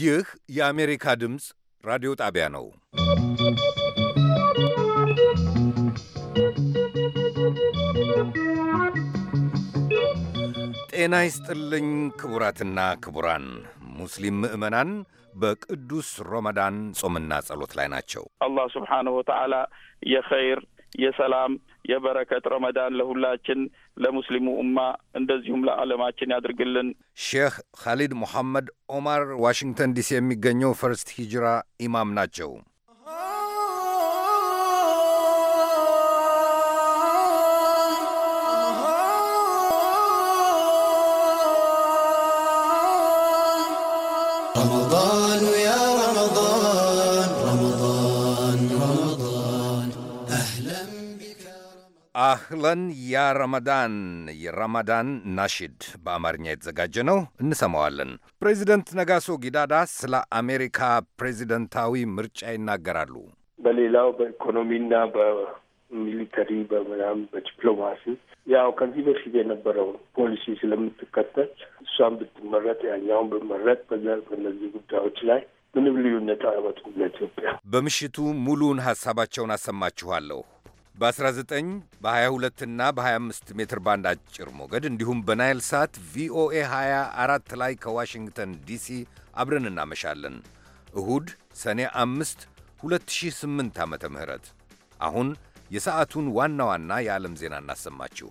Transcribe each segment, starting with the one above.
ይህ የአሜሪካ ድምፅ ራዲዮ ጣቢያ ነው። ጤና ይስጥልኝ ክቡራትና ክቡራን ሙስሊም ምዕመናን በቅዱስ ረመዳን ጾምና ጸሎት ላይ ናቸው። አላህ ስብሓንሁ ወተዓላ የኸይር የሰላም የበረከት ረመዳን ለሁላችን ለሙስሊሙ ኡማ እንደዚሁም ለዓለማችን ያድርግልን። ሼህ ካሊድ ሙሐመድ ኦማር ዋሽንግተን ዲሲ የሚገኘው ፈርስት ሂጅራ ኢማም ናቸው። አህለን ያ ረመዳን የረመዳን ናሽድ በአማርኛ የተዘጋጀ ነው፣ እንሰማዋለን። ፕሬዚደንት ነጋሶ ጊዳዳ ስለ አሜሪካ ፕሬዚደንታዊ ምርጫ ይናገራሉ። በሌላው በኢኮኖሚና በሚሊተሪ በምናም በዲፕሎማሲ ያው ከዚህ በፊት የነበረውን ፖሊሲ ስለምትከተል እሷን ብትመረጥ ያኛውን ብመረጥ በእነዚህ ጉዳዮች ላይ ምንም ልዩነት አያመጡም ለኢትዮጵያ። በምሽቱ ሙሉውን ሀሳባቸውን አሰማችኋለሁ። በ19 በ22 እና በ25 ሜትር ባንድ አጭር ሞገድ እንዲሁም በናይል ሳት ቪኦኤ 24 ላይ ከዋሽንግተን ዲሲ አብረን እናመሻለን። እሁድ ሰኔ 5 2008 ዓ ም አሁን የሰዓቱን ዋና ዋና የዓለም ዜና እናሰማችሁ።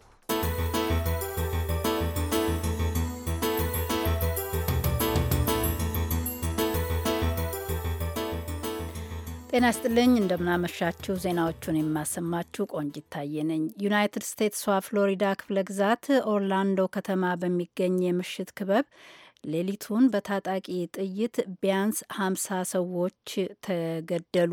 ጤና ስጥልኝ እንደምናመሻችሁ። ዜናዎቹን የማሰማችሁ ቆንጅ ይታየ ነኝ። ዩናይትድ ስቴትስዋ ፍሎሪዳ ክፍለ ግዛት ኦርላንዶ ከተማ በሚገኝ የምሽት ክበብ ሌሊቱን በታጣቂ ጥይት ቢያንስ ሀምሳ ሰዎች ተገደሉ።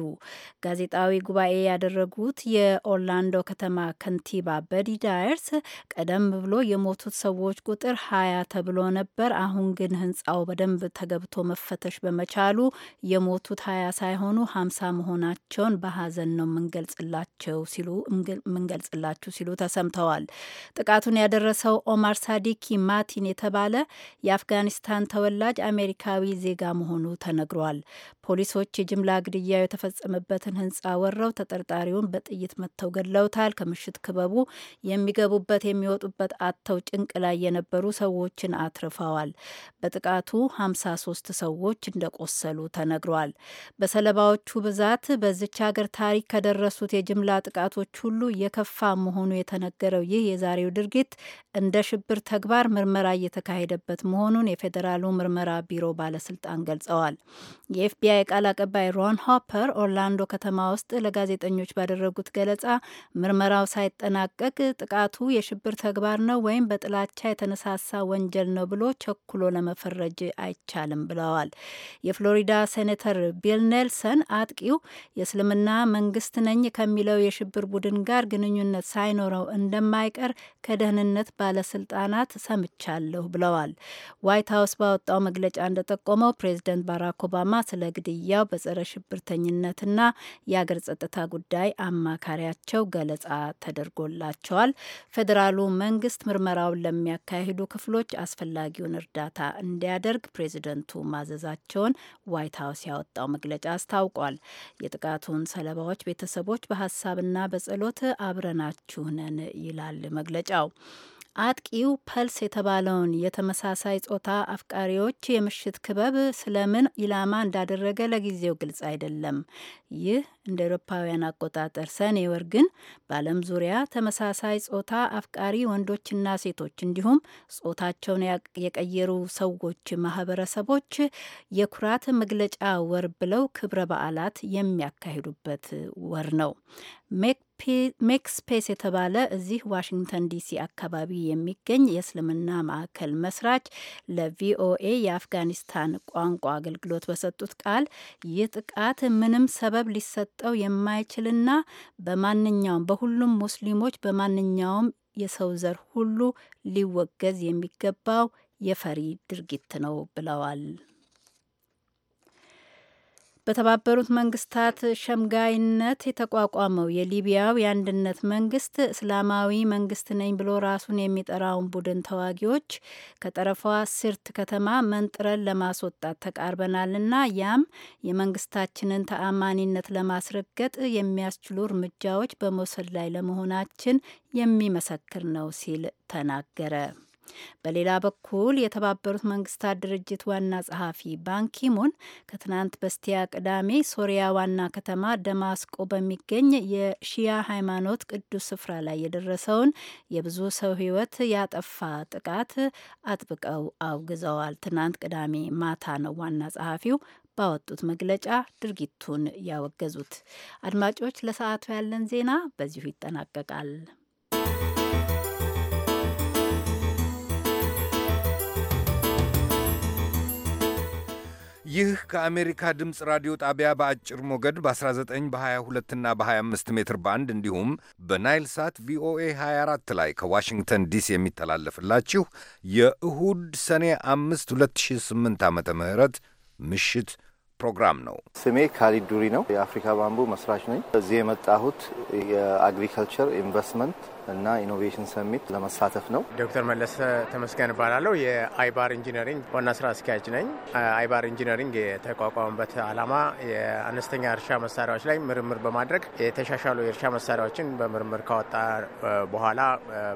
ጋዜጣዊ ጉባኤ ያደረጉት የኦርላንዶ ከተማ ከንቲባ በዲ ዳየርስ ቀደም ብሎ የሞቱት ሰዎች ቁጥር ሀያ ተብሎ ነበር፣ አሁን ግን ህንጻው በደንብ ተገብቶ መፈተሽ በመቻሉ የሞቱት ሀያ ሳይሆኑ ሀምሳ መሆናቸውን በሀዘን ነው ምንገልጽላቸው ሲሉ ምንገልጽላችሁ ሲሉ ተሰምተዋል። ጥቃቱን ያደረሰው ኦማር ሳዲኪ ማቲን የተባለ የአፍጋኒስ የፓኪስታን ተወላጅ አሜሪካዊ ዜጋ መሆኑ ተነግሯል። ፖሊሶች የጅምላ ግድያ የተፈጸመበትን ህንፃ ወረው ተጠርጣሪውን በጥይት መጥተው ገድለውታል። ከምሽት ክበቡ የሚገቡበት የሚወጡበት አጥተው ጭንቅ ላይ የነበሩ ሰዎችን አትርፈዋል። በጥቃቱ 53 ሰዎች እንደቆሰሉ ተነግሯል። በሰለባዎቹ ብዛት በዚች ሀገር ታሪክ ከደረሱት የጅምላ ጥቃቶች ሁሉ የከፋ መሆኑ የተነገረው ይህ የዛሬው ድርጊት እንደ ሽብር ተግባር ምርመራ እየተካሄደበት መሆኑን የፌዴራሉ ምርመራ ቢሮ ባለስልጣን ገልጸዋል። የኤፍቢአይ የኤፍቢአይ ቃል አቀባይ ሮን ሆፐር ኦርላንዶ ከተማ ውስጥ ለጋዜጠኞች ባደረጉት ገለጻ ምርመራው ሳይጠናቀቅ ጥቃቱ የሽብር ተግባር ነው ወይም በጥላቻ የተነሳሳ ወንጀል ነው ብሎ ቸኩሎ ለመፈረጅ አይቻልም ብለዋል። የፍሎሪዳ ሴኔተር ቢል ኔልሰን አጥቂው የእስልምና መንግስት ነኝ ከሚለው የሽብር ቡድን ጋር ግንኙነት ሳይኖረው እንደማይቀር ከደህንነት ባለስልጣናት ሰምቻለሁ ብለዋል። ዋይት ሀውስ ባወጣው መግለጫ እንደጠቆመው ፕሬዚደንት ባራክ ኦባማ ስለ ግድያው በጸረ ሽብርተኝነትና የአገር ጸጥታ ጉዳይ አማካሪያቸው ገለጻ ተደርጎላቸዋል። ፌዴራሉ መንግስት ምርመራውን ለሚያካሂዱ ክፍሎች አስፈላጊውን እርዳታ እንዲያደርግ ፕሬዚደንቱ ማዘዛቸውን ዋይት ሀውስ ያወጣው መግለጫ አስታውቋል። የጥቃቱን ሰለባዎች ቤተሰቦች በሀሳብና በጸሎት አብረናችሁ ነን ይላል መግለጫው። አጥቂው ፐልስ የተባለውን የተመሳሳይ ጾታ አፍቃሪዎች የምሽት ክበብ ስለምን ኢላማ እንዳደረገ ለጊዜው ግልጽ አይደለም። ይህ እንደ ኤሮፓውያን አቆጣጠር ሰኔ ወር ግን በዓለም ዙሪያ ተመሳሳይ ጾታ አፍቃሪ ወንዶችና ሴቶች እንዲሁም ጾታቸውን የቀየሩ ሰዎች ማህበረሰቦች የኩራት መግለጫ ወር ብለው ክብረ በዓላት የሚያካሂዱበት ወር ነው። ሜክ ሜክስፔስ የተባለ እዚህ ዋሽንግተን ዲሲ አካባቢ የሚገኝ የእስልምና ማዕከል መስራች ለቪኦኤ የአፍጋኒስታን ቋንቋ አገልግሎት በሰጡት ቃል ይህ ጥቃት ምንም ሰበብ ሊሰጠው የማይችልና በማንኛውም በሁሉም ሙስሊሞች በማንኛውም የሰው ዘር ሁሉ ሊወገዝ የሚገባው የፈሪ ድርጊት ነው ብለዋል። በተባበሩት መንግስታት ሸምጋይነት የተቋቋመው የሊቢያው የአንድነት መንግስት እስላማዊ መንግስት ነኝ ብሎ ራሱን የሚጠራውን ቡድን ተዋጊዎች ከጠረፏ ስርት ከተማ መንጥረን ለማስወጣት ተቃርበናልና ያም የመንግስታችንን ተአማኒነት ለማስረገጥ የሚያስችሉ እርምጃዎች በመውሰድ ላይ ለመሆናችን የሚመሰክር ነው ሲል ተናገረ። በሌላ በኩል የተባበሩት መንግስታት ድርጅት ዋና ጸሐፊ ባንኪሙን ከትናንት በስቲያ ቅዳሜ ሶሪያ ዋና ከተማ ደማስቆ በሚገኝ የሺያ ሃይማኖት ቅዱስ ስፍራ ላይ የደረሰውን የብዙ ሰው ሕይወት ያጠፋ ጥቃት አጥብቀው አውግዘዋል። ትናንት ቅዳሜ ማታ ነው ዋና ጸሐፊው ባወጡት መግለጫ ድርጊቱን ያወገዙት። አድማጮች፣ ለሰዓቱ ያለን ዜና በዚሁ ይጠናቀቃል። ይህ ከአሜሪካ ድምፅ ራዲዮ ጣቢያ በአጭር ሞገድ በ19 በ22ና በ25 ሜትር ባንድ እንዲሁም በናይል ሳት ቪኦኤ 24 ላይ ከዋሽንግተን ዲሲ የሚተላለፍላችሁ የእሁድ ሰኔ 5 2008 ዓ ም ምሽት ፕሮግራም ነው። ስሜ ካሊድ ዱሪ ነው። የአፍሪካ ባምቡ መስራች ነኝ። እዚህ የመጣሁት የአግሪካልቸር ኢንቨስትመንት እና ኢኖቬሽን ሰሚት ለመሳተፍ ነው። ዶክተር መለሰ ተመስገን እባላለሁ። የአይባር ኢንጂነሪንግ ዋና ስራ አስኪያጅ ነኝ። አይባር ኢንጂነሪንግ የተቋቋመበት ዓላማ የአነስተኛ እርሻ መሳሪያዎች ላይ ምርምር በማድረግ የተሻሻሉ የእርሻ መሳሪያዎችን በምርምር ካወጣ በኋላ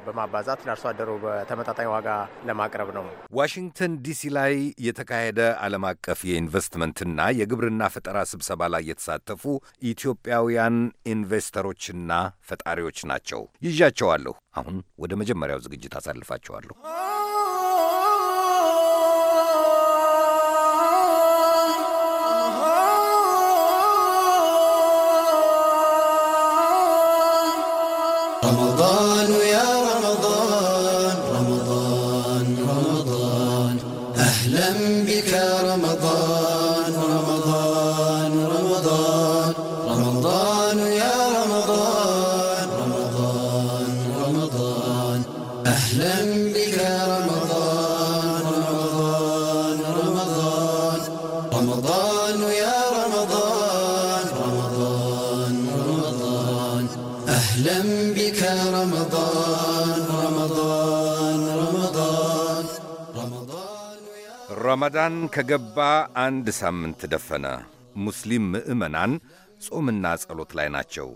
በማባዛት ለአርሶ አደሩ በተመጣጣኝ ዋጋ ለማቅረብ ነው። ዋሽንግተን ዲሲ ላይ የተካሄደ ዓለም አቀፍ የኢንቨስትመንትና የግብርና ፈጠራ ስብሰባ ላይ የተሳተፉ ኢትዮጵያውያን ኢንቨስተሮችና ፈጣሪዎች ናቸው ይዣቸው አሳልፋቸዋለሁ። አሁን ወደ መጀመሪያው ዝግጅት አሳልፋቸዋለሁ። رمضان يا ረመዳን ከገባ አንድ ሳምንት ደፈነ። ሙስሊም ምዕመናን ጾምና ጸሎት ላይ ናቸው።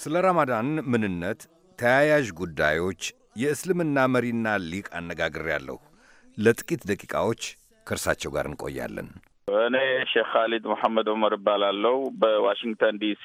ስለ ረመዳን ምንነት፣ ተያያዥ ጉዳዮች የእስልምና መሪና ሊቅ አነጋግሬያለሁ። ለጥቂት ደቂቃዎች ከእርሳቸው ጋር እንቆያለን። እኔ ሼክ ካሊድ መሐመድ ዑመር እባላለሁ። በዋሽንግተን ዲሲ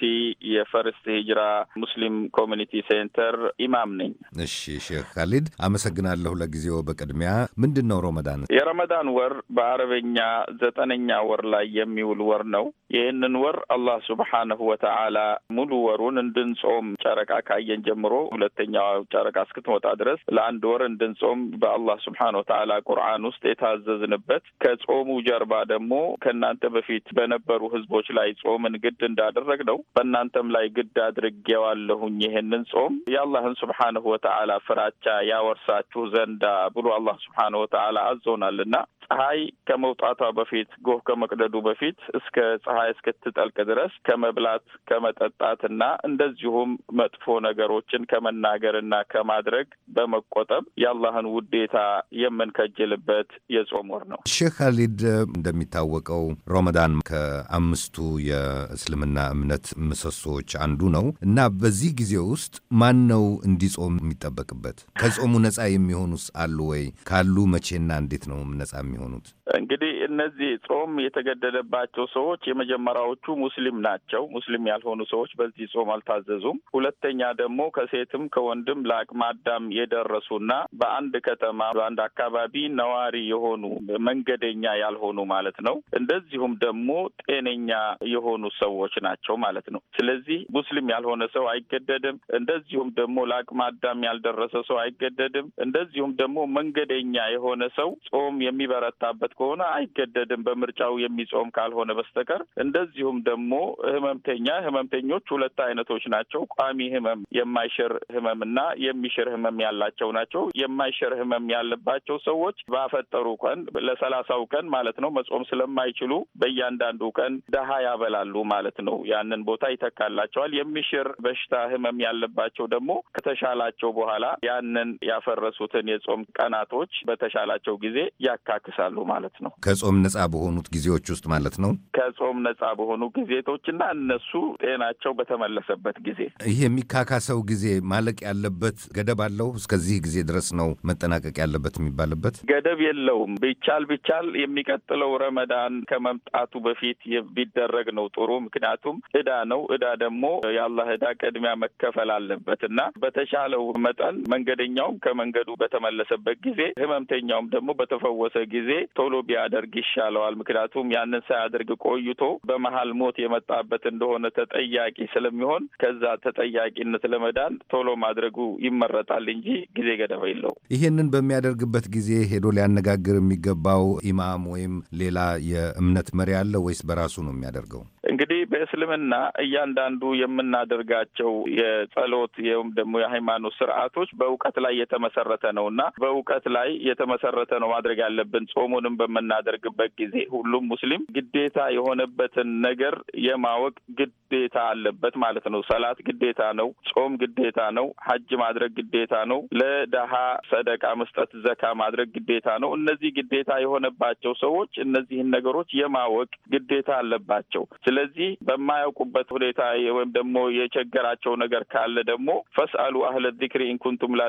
የፈርስት ሂጅራ ሙስሊም ኮሚኒቲ ሴንተር ኢማም ነኝ። እሺ ሼክ ካሊድ አመሰግናለሁ ለጊዜው። በቅድሚያ ምንድን ነው ረመዳን? የረመዳን ወር በአረበኛ ዘጠነኛ ወር ላይ የሚውል ወር ነው። ይህንን ወር አላህ ሱብሓነሁ ወተዓላ ሙሉ ወሩን እንድንጾም ጨረቃ ካየን ጀምሮ ሁለተኛዋ ጨረቃ እስክትወጣ ድረስ ለአንድ ወር እንድንጾም በአላህ ሱብሓነሁ ወተዓላ ቁርአን ውስጥ የታዘዝንበት ከጾሙ ጀርባ ደግሞ ከእናንተ በፊት በነበሩ ህዝቦች ላይ ጾምን ግድ እንዳደረግ ነው በእናንተም ላይ ግድ አድርጌዋለሁኝ ይህንን ጾም የአላህን ስብሓንሁ ወተዓላ ፍራቻ ያወርሳችሁ ዘንዳ ብሎ አላህ ስብሓንሁ ወተዓላ አዞናልና ፀሐይ ከመውጣቷ በፊት ጎህ ከመቅደዱ በፊት እስከ ፀሐይ እስክትጠልቅ ድረስ ከመብላት ከመጠጣትና እንደዚሁም መጥፎ ነገሮችን ከመናገርና ከማድረግ በመቆጠብ የአላህን ውዴታ የምንከጅልበት የጾም ወር ነው። ሼህ ካሊድ እንደሚታወቀው ሮመዳን ከአምስቱ የእስልምና እምነት ምሰሶዎች አንዱ ነው እና በዚህ ጊዜ ውስጥ ማን ነው እንዲጾም የሚጠበቅበት? ከጾሙ ነጻ የሚሆኑስ አሉ ወይ? ካሉ መቼና እንዴት ነው ነጻ የሚሆ የሚሆኑት? እንግዲህ እነዚህ ጾም የተገደለባቸው ሰዎች የመጀመሪያዎቹ ሙስሊም ናቸው። ሙስሊም ያልሆኑ ሰዎች በዚህ ጾም አልታዘዙም። ሁለተኛ ደግሞ ከሴትም ከወንድም ለአቅመ አዳም የደረሱና በአንድ ከተማ በአንድ አካባቢ ነዋሪ የሆኑ መንገደኛ ያልሆኑ ማለት ነው። እንደዚሁም ደግሞ ጤነኛ የሆኑ ሰዎች ናቸው ማለት ነው። ስለዚህ ሙስሊም ያልሆነ ሰው አይገደድም። እንደዚሁም ደግሞ ለአቅመ አዳም ያልደረሰ ሰው አይገደድም። እንደዚሁም ደግሞ መንገደኛ የሆነ ሰው ጾም የሚበረታበት ከሆነ አይገ አይገደድም በምርጫው የሚጾም ካልሆነ በስተቀር። እንደዚሁም ደግሞ ህመምተኛ ህመምተኞች ሁለት አይነቶች ናቸው። ቋሚ ህመም የማይሽር ህመም እና የሚሽር ህመም ያላቸው ናቸው። የማይሽር ህመም ያለባቸው ሰዎች ባፈጠሩ ቀን ለሰላሳው ቀን ማለት ነው መጾም ስለማይችሉ በእያንዳንዱ ቀን ደሀ ያበላሉ ማለት ነው። ያንን ቦታ ይተካላቸዋል። የሚሽር በሽታ ህመም ያለባቸው ደግሞ ከተሻላቸው በኋላ ያንን ያፈረሱትን የጾም ቀናቶች በተሻላቸው ጊዜ ያካክሳሉ ማለት ነው። ከጾም ነጻ በሆኑት ጊዜዎች ውስጥ ማለት ነው። ከጾም ነጻ በሆኑ ጊዜቶችና እነሱ ጤናቸው በተመለሰበት ጊዜ ይህ የሚካካሰው ጊዜ ማለቅ ያለበት ገደብ አለው። እስከዚህ ጊዜ ድረስ ነው መጠናቀቅ ያለበት የሚባልበት ገደብ የለውም። ቢቻል ቢቻል የሚቀጥለው ረመዳን ከመምጣቱ በፊት ቢደረግ ነው ጥሩ። ምክንያቱም እዳ ነው። እዳ ደግሞ የአላህ እዳ ቅድሚያ መከፈል አለበት እና በተሻለው መጠን መንገደኛውም ከመንገዱ በተመለሰበት ጊዜ ህመምተኛውም ደግሞ በተፈወሰ ጊዜ ቶሎ ቢያደርግ ይሻለዋል። ምክንያቱም ያንን ሳያደርግ ቆይቶ በመሀል ሞት የመጣበት እንደሆነ ተጠያቂ ስለሚሆን ከዛ ተጠያቂነት ለመዳን ቶሎ ማድረጉ ይመረጣል እንጂ ጊዜ ገደብ የለው። ይሄንን በሚያደርግበት ጊዜ ሄዶ ሊያነጋግር የሚገባው ኢማም ወይም ሌላ የእምነት መሪ አለ ወይስ በራሱ ነው የሚያደርገው? እንግዲህ በእስልምና እያንዳንዱ የምናደርጋቸው የጸሎት ወይም ደግሞ የሃይማኖት ስርዓቶች በእውቀት ላይ የተመሰረተ ነው እና በእውቀት ላይ የተመሰረተ ነው ማድረግ ያለብን። ጾሙንም በምናደርግበት ጊዜ ሁሉም ሙስሊም ግዴታ የሆነበትን ነገር የማወቅ ግዴታ አለበት ማለት ነው። ሰላት ግዴታ ነው። ጾም ግዴታ ነው። ሀጅ ማድረግ ግዴታ ነው። ለደሃ ሰደቃ መስጠት፣ ዘካ ማድረግ ግዴታ ነው። እነዚህ ግዴታ የሆነባቸው ሰዎች እነዚህን ነገሮች የማወቅ ግዴታ አለባቸው። ስለ ስለዚህ በማያውቁበት ሁኔታ ወይም ደግሞ የቸገራቸው ነገር ካለ ደግሞ ፈስአሉ አህለ ዚክሪ ኢንኩንቱም ላ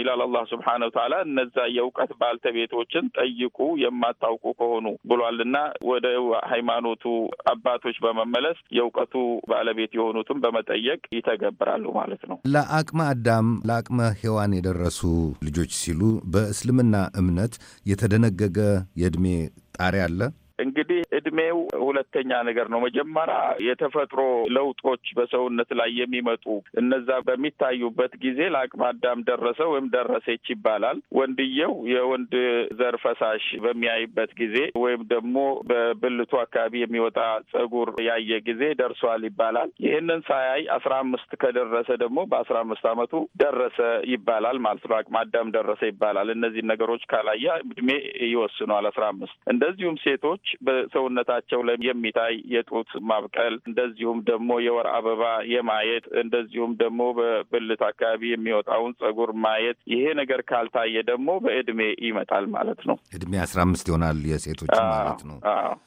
ይላል አላህ ስብሐነሁ ወተዓላ። እነዛ የእውቀት ባልተቤቶችን ጠይቁ የማታውቁ ከሆኑ ብሏልና ወደ ሃይማኖቱ አባቶች በመመለስ የእውቀቱ ባለቤት የሆኑትን በመጠየቅ ይተገብራሉ ማለት ነው። ለአቅመ አዳም ለአቅመ ሔዋን የደረሱ ልጆች ሲሉ በእስልምና እምነት የተደነገገ የእድሜ ጣሪያ አለ። እንግዲህ እድሜው ሁለተኛ ነገር ነው። መጀመሪያ የተፈጥሮ ለውጦች በሰውነት ላይ የሚመጡ እነዛ በሚታዩበት ጊዜ ለአቅመ አዳም ደረሰ ወይም ደረሰች ይባላል። ወንድየው የወንድ ዘር ፈሳሽ በሚያይበት ጊዜ ወይም ደግሞ በብልቱ አካባቢ የሚወጣ ጸጉር ያየ ጊዜ ደርሷል ይባላል። ይህንን ሳያይ አስራ አምስት ከደረሰ ደግሞ በአስራ አምስት አመቱ ደረሰ ይባላል ማለት ነው። አቅመ አዳም ደረሰ ይባላል። እነዚህን ነገሮች ካላየ እድሜ ይወስኗል አስራ አምስት እንደዚሁም ሴቶች በሰው ሰውነታቸው ላይ የሚታይ የጡት ማብቀል እንደዚሁም ደግሞ የወር አበባ የማየት እንደዚሁም ደግሞ በብልት አካባቢ የሚወጣውን ጸጉር ማየት ይሄ ነገር ካልታየ ደግሞ በእድሜ ይመጣል ማለት ነው። እድሜ አስራ አምስት ይሆናል የሴቶች ማለት ነው።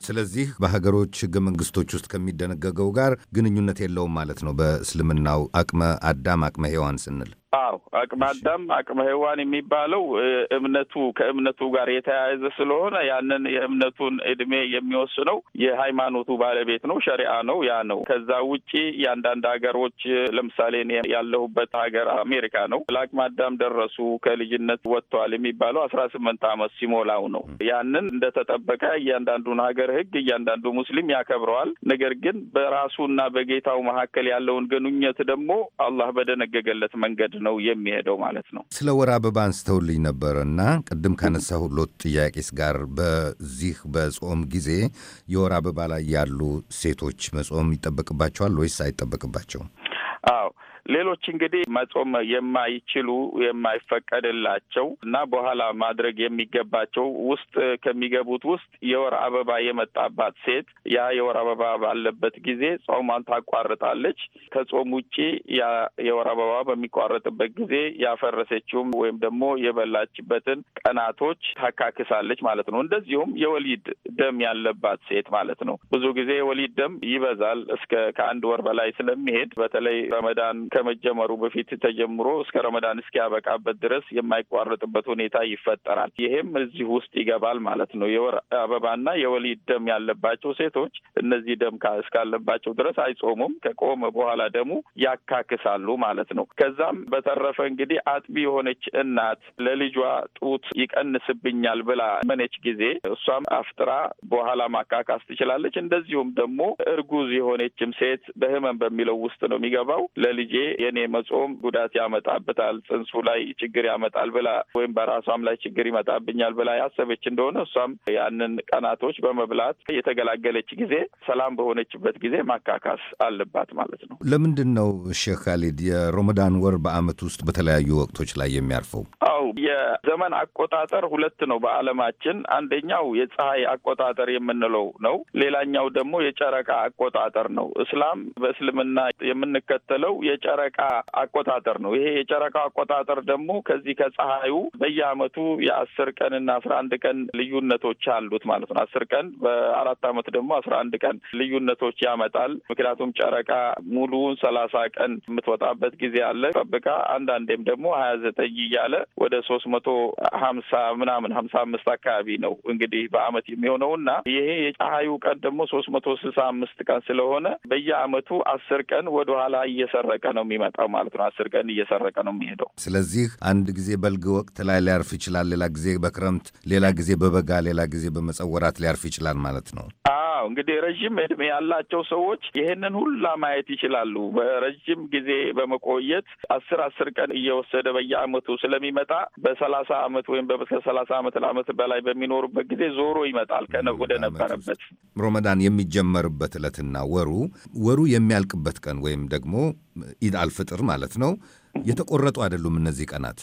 ስለዚህ በሀገሮች ህገ መንግስቶች ውስጥ ከሚደነገገው ጋር ግንኙነት የለውም ማለት ነው። በእስልምናው አቅመ አዳም አቅመ ሔዋን ስንል አዎ አቅመ አዳም አቅመ ሔዋን የሚባለው እምነቱ ከእምነቱ ጋር የተያያዘ ስለሆነ ያንን የእምነቱን እድሜ የሚወስነው የሃይማኖቱ ባለቤት ነው፣ ሸሪአ ነው። ያ ነው። ከዛ ውጪ የአንዳንድ ሀገሮች ለምሳሌ ያለሁበት ሀገር አሜሪካ ነው። ለአቅመ አዳም ደረሱ ከልጅነት ወጥተዋል የሚባለው አስራ ስምንት ዓመት ሲሞላው ነው። ያንን እንደተጠበቀ እያንዳንዱን ሀገር ህግ እያንዳንዱ ሙስሊም ያከብረዋል። ነገር ግን በራሱና በጌታው መካከል ያለውን ግንኙነት ደግሞ አላህ በደነገገለት መንገድ ነው የሚሄደው ማለት ነው። ስለ ወር አበባ አንስተውልኝ ነበር እና ቅድም ሁሎት ጥያቄስ ጋር በዚህ በጾም ጊዜ የወር አበባ ላይ ያሉ ሴቶች መጾም ይጠበቅባቸዋል ወይስ አይጠበቅባቸውም? አዎ ሌሎች እንግዲህ መጾም የማይችሉ የማይፈቀድላቸው እና በኋላ ማድረግ የሚገባቸው ውስጥ ከሚገቡት ውስጥ የወር አበባ የመጣባት ሴት ያ የወር አበባ ባለበት ጊዜ ጾሟን ታቋርጣለች። ከጾም ውጪ ያ የወር አበባ በሚቋረጥበት ጊዜ ያፈረሰችውም ወይም ደግሞ የበላችበትን ቀናቶች ታካክሳለች ማለት ነው። እንደዚሁም የወሊድ ደም ያለባት ሴት ማለት ነው። ብዙ ጊዜ የወሊድ ደም ይበዛል እስከ ከአንድ ወር በላይ ስለሚሄድ በተለይ ረመዳን ከመጀመሩ በፊት ተጀምሮ እስከ ረመዳን እስኪያበቃበት ድረስ የማይቋረጥበት ሁኔታ ይፈጠራል። ይሄም እዚህ ውስጥ ይገባል ማለት ነው። የወር አበባና የወሊድ ደም ያለባቸው ሴቶች እነዚህ ደም እስካለባቸው ድረስ አይጾሙም። ከቆመ በኋላ ደሙ ያካክሳሉ ማለት ነው። ከዛም በተረፈ እንግዲህ አጥቢ የሆነች እናት ለልጇ ጡት ይቀንስብኛል ብላ መነች ጊዜ እሷም አፍጥራ በኋላ ማካካስ ትችላለች። እንደዚሁም ደግሞ እርጉዝ የሆነችም ሴት በህመም በሚለው ውስጥ ነው የሚገባው። ለልጄ የኔ መጾም ጉዳት ያመጣበታል፣ ጽንሱ ላይ ችግር ያመጣል ብላ ወይም በራሷም ላይ ችግር ይመጣብኛል ብላ ያሰበች እንደሆነ እሷም ያንን ቀናቶች በመብላት የተገላገለች ጊዜ ሰላም በሆነችበት ጊዜ ማካካስ አለባት ማለት ነው። ለምንድን ነው ሼህ ካሊድ የሮመዳን ወር በአመት ውስጥ በተለያዩ ወቅቶች ላይ የሚያርፈው? አው የዘመን አቆጣጠር ሁለት ነው በአለማችን አንደኛው የፀሐይ አቆጣጠር የምንለው ነው። ሌላኛው ደግሞ የጨረቃ አቆጣጠር ነው። እስላም በእስልምና የምንከተለው የጨ የጨረቃ አቆጣጠር ነው። ይሄ የጨረቃ አቆጣጠር ደግሞ ከዚህ ከፀሐዩ በየአመቱ የአስር ቀን እና አስራ አንድ ቀን ልዩነቶች አሉት ማለት ነው። አስር ቀን በአራት አመት ደግሞ አስራ አንድ ቀን ልዩነቶች ያመጣል። ምክንያቱም ጨረቃ ሙሉውን ሰላሳ ቀን የምትወጣበት ጊዜ አለ ጠብቃ አንዳንዴም ደግሞ ሀያ ዘጠኝ እያለ ወደ ሶስት መቶ ሀምሳ ምናምን ሀምሳ አምስት አካባቢ ነው እንግዲህ በአመት የሚሆነው እና ይሄ የፀሐዩ ቀን ደግሞ ሶስት መቶ ስልሳ አምስት ቀን ስለሆነ በየአመቱ አስር ቀን ወደኋላ እየሰረቀ ነው የሚመጣው ማለት ነው። አስር ቀን እየሰረቀ ነው የሚሄደው። ስለዚህ አንድ ጊዜ በልግ ወቅት ላይ ሊያርፍ ይችላል፣ ሌላ ጊዜ በክረምት፣ ሌላ ጊዜ በበጋ፣ ሌላ ጊዜ በመጸወራት ሊያርፍ ይችላል ማለት ነው። አዎ እንግዲህ ረዥም እድሜ ያላቸው ሰዎች ይህንን ሁላ ማየት ይችላሉ። በረዥም ጊዜ በመቆየት አስር አስር ቀን እየወሰደ በየአመቱ ስለሚመጣ በሰላሳ አመት ወይም ከሰላሳ አመት ለአመት በላይ በሚኖሩበት ጊዜ ዞሮ ይመጣል ወደ ነበረበት። ሮመዳን የሚጀመርበት እለትና ወሩ ወሩ የሚያልቅበት ቀን ወይም ደግሞ ኢድ አልፍጥር ማለት ነው። የተቆረጡ አይደሉም እነዚህ ቀናት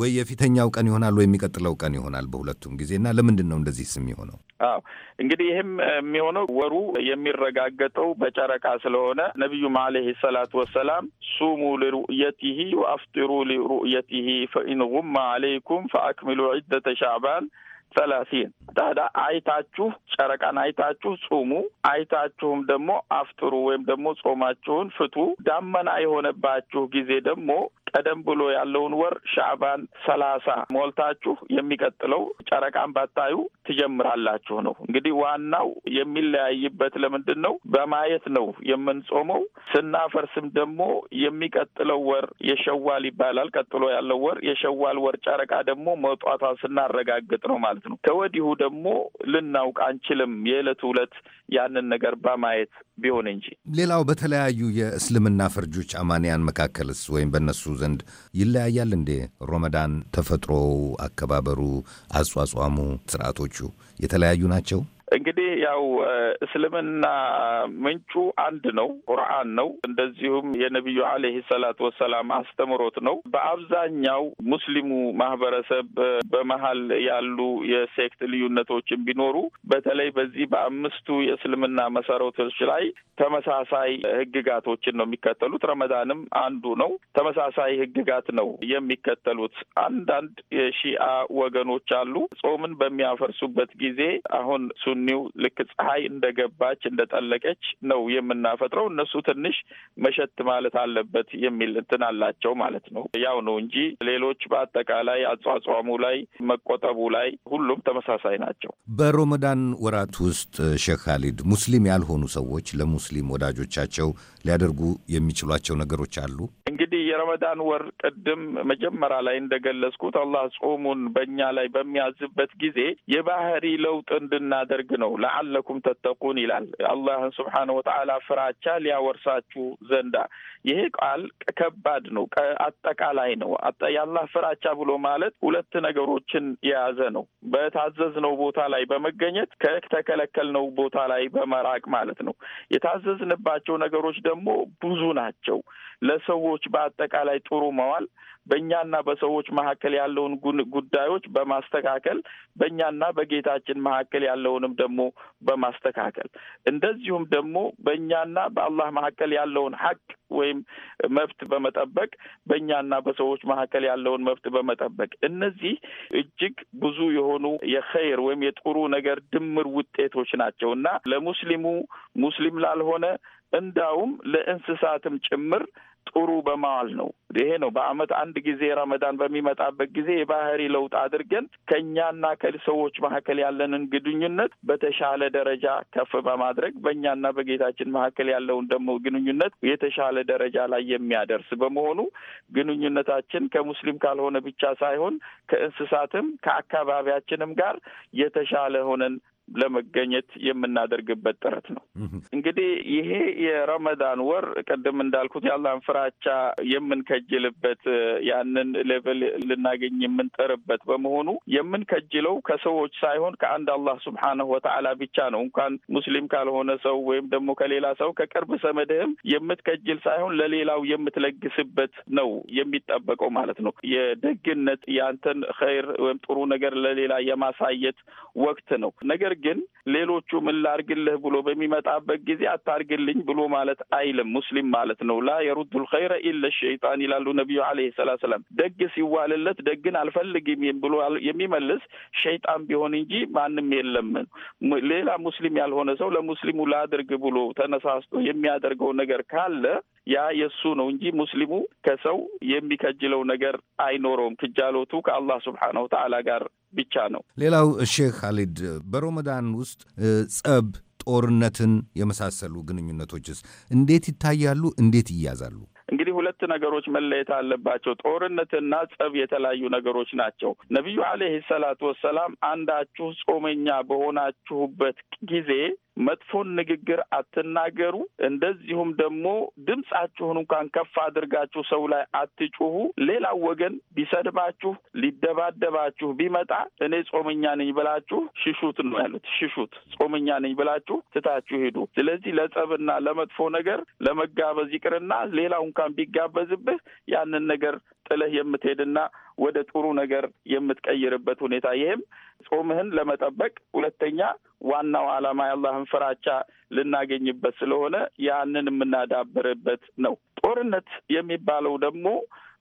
ወይ የፊተኛው ቀን ይሆናል ወይ የሚቀጥለው ቀን ይሆናል በሁለቱም ጊዜ እና ለምንድን ነው እንደዚህ ስም የሆነው? አዎ እንግዲህ ይህም የሚሆነው ወሩ የሚረጋገጠው በጨረቃ ስለሆነ ነቢዩም አለህ ሰላት ወሰላም ሱሙ ሊሩእየቲሂ ወአፍጢሩ ሊሩእየቲሂ ፈኢን ጉማ አለይኩም ፈአክሚሉ ዒደተ ሻዕባን ሰላሲን ታዳ አይታችሁ ጨረቃን አይታችሁ ጹሙ፣ አይታችሁም ደግሞ አፍጥሩ ወይም ደግሞ ጾማችሁን ፍቱ። ዳመና የሆነባችሁ ጊዜ ደግሞ ቀደም ብሎ ያለውን ወር ሻዕባን ሰላሳ ሞልታችሁ የሚቀጥለው ጨረቃን ባታዩ ትጀምራላችሁ ነው። እንግዲህ ዋናው የሚለያይበት ለምንድን ነው? በማየት ነው የምንጾመው። ስናፈርስም ደግሞ የሚቀጥለው ወር የሸዋል ይባላል። ቀጥሎ ያለው ወር የሸዋል ወር ጨረቃ ደግሞ መውጣቷን ስናረጋግጥ ነው ማለት ነው። ነው። ከወዲሁ ደግሞ ልናውቅ አንችልም የዕለት ዕለት ያንን ነገር በማየት ቢሆን እንጂ። ሌላው በተለያዩ የእስልምና ፈርጆች አማንያን መካከልስ ወይም በእነሱ ዘንድ ይለያያል እንዴ? ሮመዳን ተፈጥሮው፣ አከባበሩ፣ አጿጿሙ፣ ስርዓቶቹ የተለያዩ ናቸው? እንግዲህ ያው እስልምና ምንጩ አንድ ነው፣ ቁርአን ነው። እንደዚሁም የነቢዩ አለህ ሰላት ወሰላም አስተምሮት ነው። በአብዛኛው ሙስሊሙ ማህበረሰብ በመሀል ያሉ የሴክት ልዩነቶችን ቢኖሩ በተለይ በዚህ በአምስቱ የእስልምና መሰረቶች ላይ ተመሳሳይ ህግጋቶችን ነው የሚከተሉት። ረመዳንም አንዱ ነው። ተመሳሳይ ህግጋት ነው የሚከተሉት። አንዳንድ የሺአ ወገኖች አሉ ጾምን በሚያፈርሱበት ጊዜ አሁን ሱኒው ልክ ፀሐይ እንደገባች እንደጠለቀች ነው የምናፈጥረው። እነሱ ትንሽ መሸት ማለት አለበት የሚል እንትን አላቸው ማለት ነው። ያው ነው እንጂ ሌሎች በአጠቃላይ አጽዋጽሙ ላይ መቆጠቡ ላይ ሁሉም ተመሳሳይ ናቸው። በሮመዳን ወራት ውስጥ ሼክ ካሊድ ሙስሊም ያልሆኑ ሰዎች ለሙስሊም ወዳጆቻቸው ሊያደርጉ የሚችሏቸው ነገሮች አሉ። እንግዲህ የረመዳን ወር ቅድም መጀመሪያ ላይ እንደገለጽኩት አላህ ጾሙን በእኛ ላይ በሚያዝበት ጊዜ የባህሪ ለውጥ እንድናደርግ ሕግ ነው። ለአለኩም ተጠቁን ይላል። አላህን ስብሓነ ወተዓላ ፍራቻ ሊያወርሳችሁ ዘንዳ ይሄ ቃል ከባድ ነው። አጠቃላይ ነው። የአላህ ፍራቻ ብሎ ማለት ሁለት ነገሮችን የያዘ ነው። በታዘዝነው ቦታ ላይ በመገኘት ከተከለከልነው ቦታ ላይ በመራቅ ማለት ነው። የታዘዝንባቸው ነገሮች ደግሞ ብዙ ናቸው። ለሰዎች በአጠቃላይ ጥሩ መዋል በእኛና በሰዎች መካከል ያለውን ጉዳዮች በማስተካከል በእኛና በጌታችን መካከል ያለውንም ደግሞ በማስተካከል እንደዚሁም ደግሞ በእኛና በአላህ መካከል ያለውን ሀቅ ወይም የሌሎችን መብት በመጠበቅ በእኛና በሰዎች መካከል ያለውን መብት በመጠበቅ እነዚህ እጅግ ብዙ የሆኑ የኸይር ወይም የጥሩ ነገር ድምር ውጤቶች ናቸው እና ለሙስሊሙ ሙስሊም ላልሆነ እንዳውም ለእንስሳትም ጭምር ጥሩ በመዋል ነው። ይሄ ነው በአመት አንድ ጊዜ ረመዳን በሚመጣበት ጊዜ የባህሪ ለውጥ አድርገን ከእኛና ከሰዎች መካከል ያለንን ግንኙነት በተሻለ ደረጃ ከፍ በማድረግ በእኛና በጌታችን መካከል ያለውን ደግሞ ግንኙነት የተሻለ ደረጃ ላይ የሚያደርስ በመሆኑ ግንኙነታችን ከሙስሊም ካልሆነ ብቻ ሳይሆን ከእንስሳትም ከአካባቢያችንም ጋር የተሻለ ሆነን ለመገኘት የምናደርግበት ጥረት ነው። እንግዲህ ይሄ የረመዳን ወር ቅድም እንዳልኩት ያላን ፍራቻ የምንከጅልበት ያንን ሌቭል ልናገኝ የምንጥርበት በመሆኑ የምንከጅለው ከሰዎች ሳይሆን ከአንድ አላህ ሱብሓነሁ ወተዓላ ብቻ ነው። እንኳን ሙስሊም ካልሆነ ሰው ወይም ደግሞ ከሌላ ሰው ከቅርብ ሰመድህም የምትከጅል ሳይሆን ለሌላው የምትለግስበት ነው የሚጠበቀው ማለት ነው። የደግነት ያንተን ኸይር ወይም ጥሩ ነገር ለሌላ የማሳየት ወቅት ነው። ነገር ግን ሌሎቹ ምን ላርግልህ ብሎ በሚመጣበት ጊዜ አታርግልኝ ብሎ ማለት አይልም። ሙስሊም ማለት ነው። ላ የሩዱ ልኸይረ ኢለ ሸይጣን ይላሉ ነቢዩ አለይሂ ሰላቱ ሰላም። ደግ ሲዋልለት ደግን አልፈልግም ብሎ የሚመልስ ሸይጣን ቢሆን እንጂ ማንም የለም። ሌላ ሙስሊም ያልሆነ ሰው ለሙስሊሙ ላድርግ ብሎ ተነሳስቶ የሚያደርገው ነገር ካለ ያ የእሱ ነው እንጂ ሙስሊሙ ከሰው የሚከጅለው ነገር አይኖረውም። ክጃሎቱ ከአላህ ስብሓነሁ ወተዓላ ጋር ብቻ ነው። ሌላው ሼህ ካሊድ በሮመዳን ውስጥ ጸብ፣ ጦርነትን የመሳሰሉ ግንኙነቶችስ እንዴት ይታያሉ? እንዴት ይያዛሉ? እንግዲህ ሁለት ነገሮች መለየት አለባቸው። ጦርነትና ጸብ የተለያዩ ነገሮች ናቸው። ነቢዩ አለህ ሰላቱ ወሰላም አንዳችሁ ጾመኛ በሆናችሁበት ጊዜ መጥፎን ንግግር አትናገሩ፣ እንደዚሁም ደግሞ ድምጻችሁን እንኳን ከፍ አድርጋችሁ ሰው ላይ አትጩሁ። ሌላው ወገን ቢሰድባችሁ፣ ሊደባደባችሁ ቢመጣ እኔ ጾመኛ ነኝ ብላችሁ ሽሹት ነው ያሉት። ሽሹት፣ ጾመኛ ነኝ ብላችሁ ትታችሁ ሂዱ። ስለዚህ ለጸብና ለመጥፎ ነገር ለመጋበዝ ይቅርና ሌላው እንኳን ቢጋበዝብህ ያንን ነገር ጥለህ የምትሄድና ወደ ጥሩ ነገር የምትቀይርበት ሁኔታ ይህም ጾምህን ለመጠበቅ ሁለተኛ ዋናው ዓላማ የአላህን ፍራቻ ልናገኝበት ስለሆነ ያንን የምናዳብርበት ነው። ጦርነት የሚባለው ደግሞ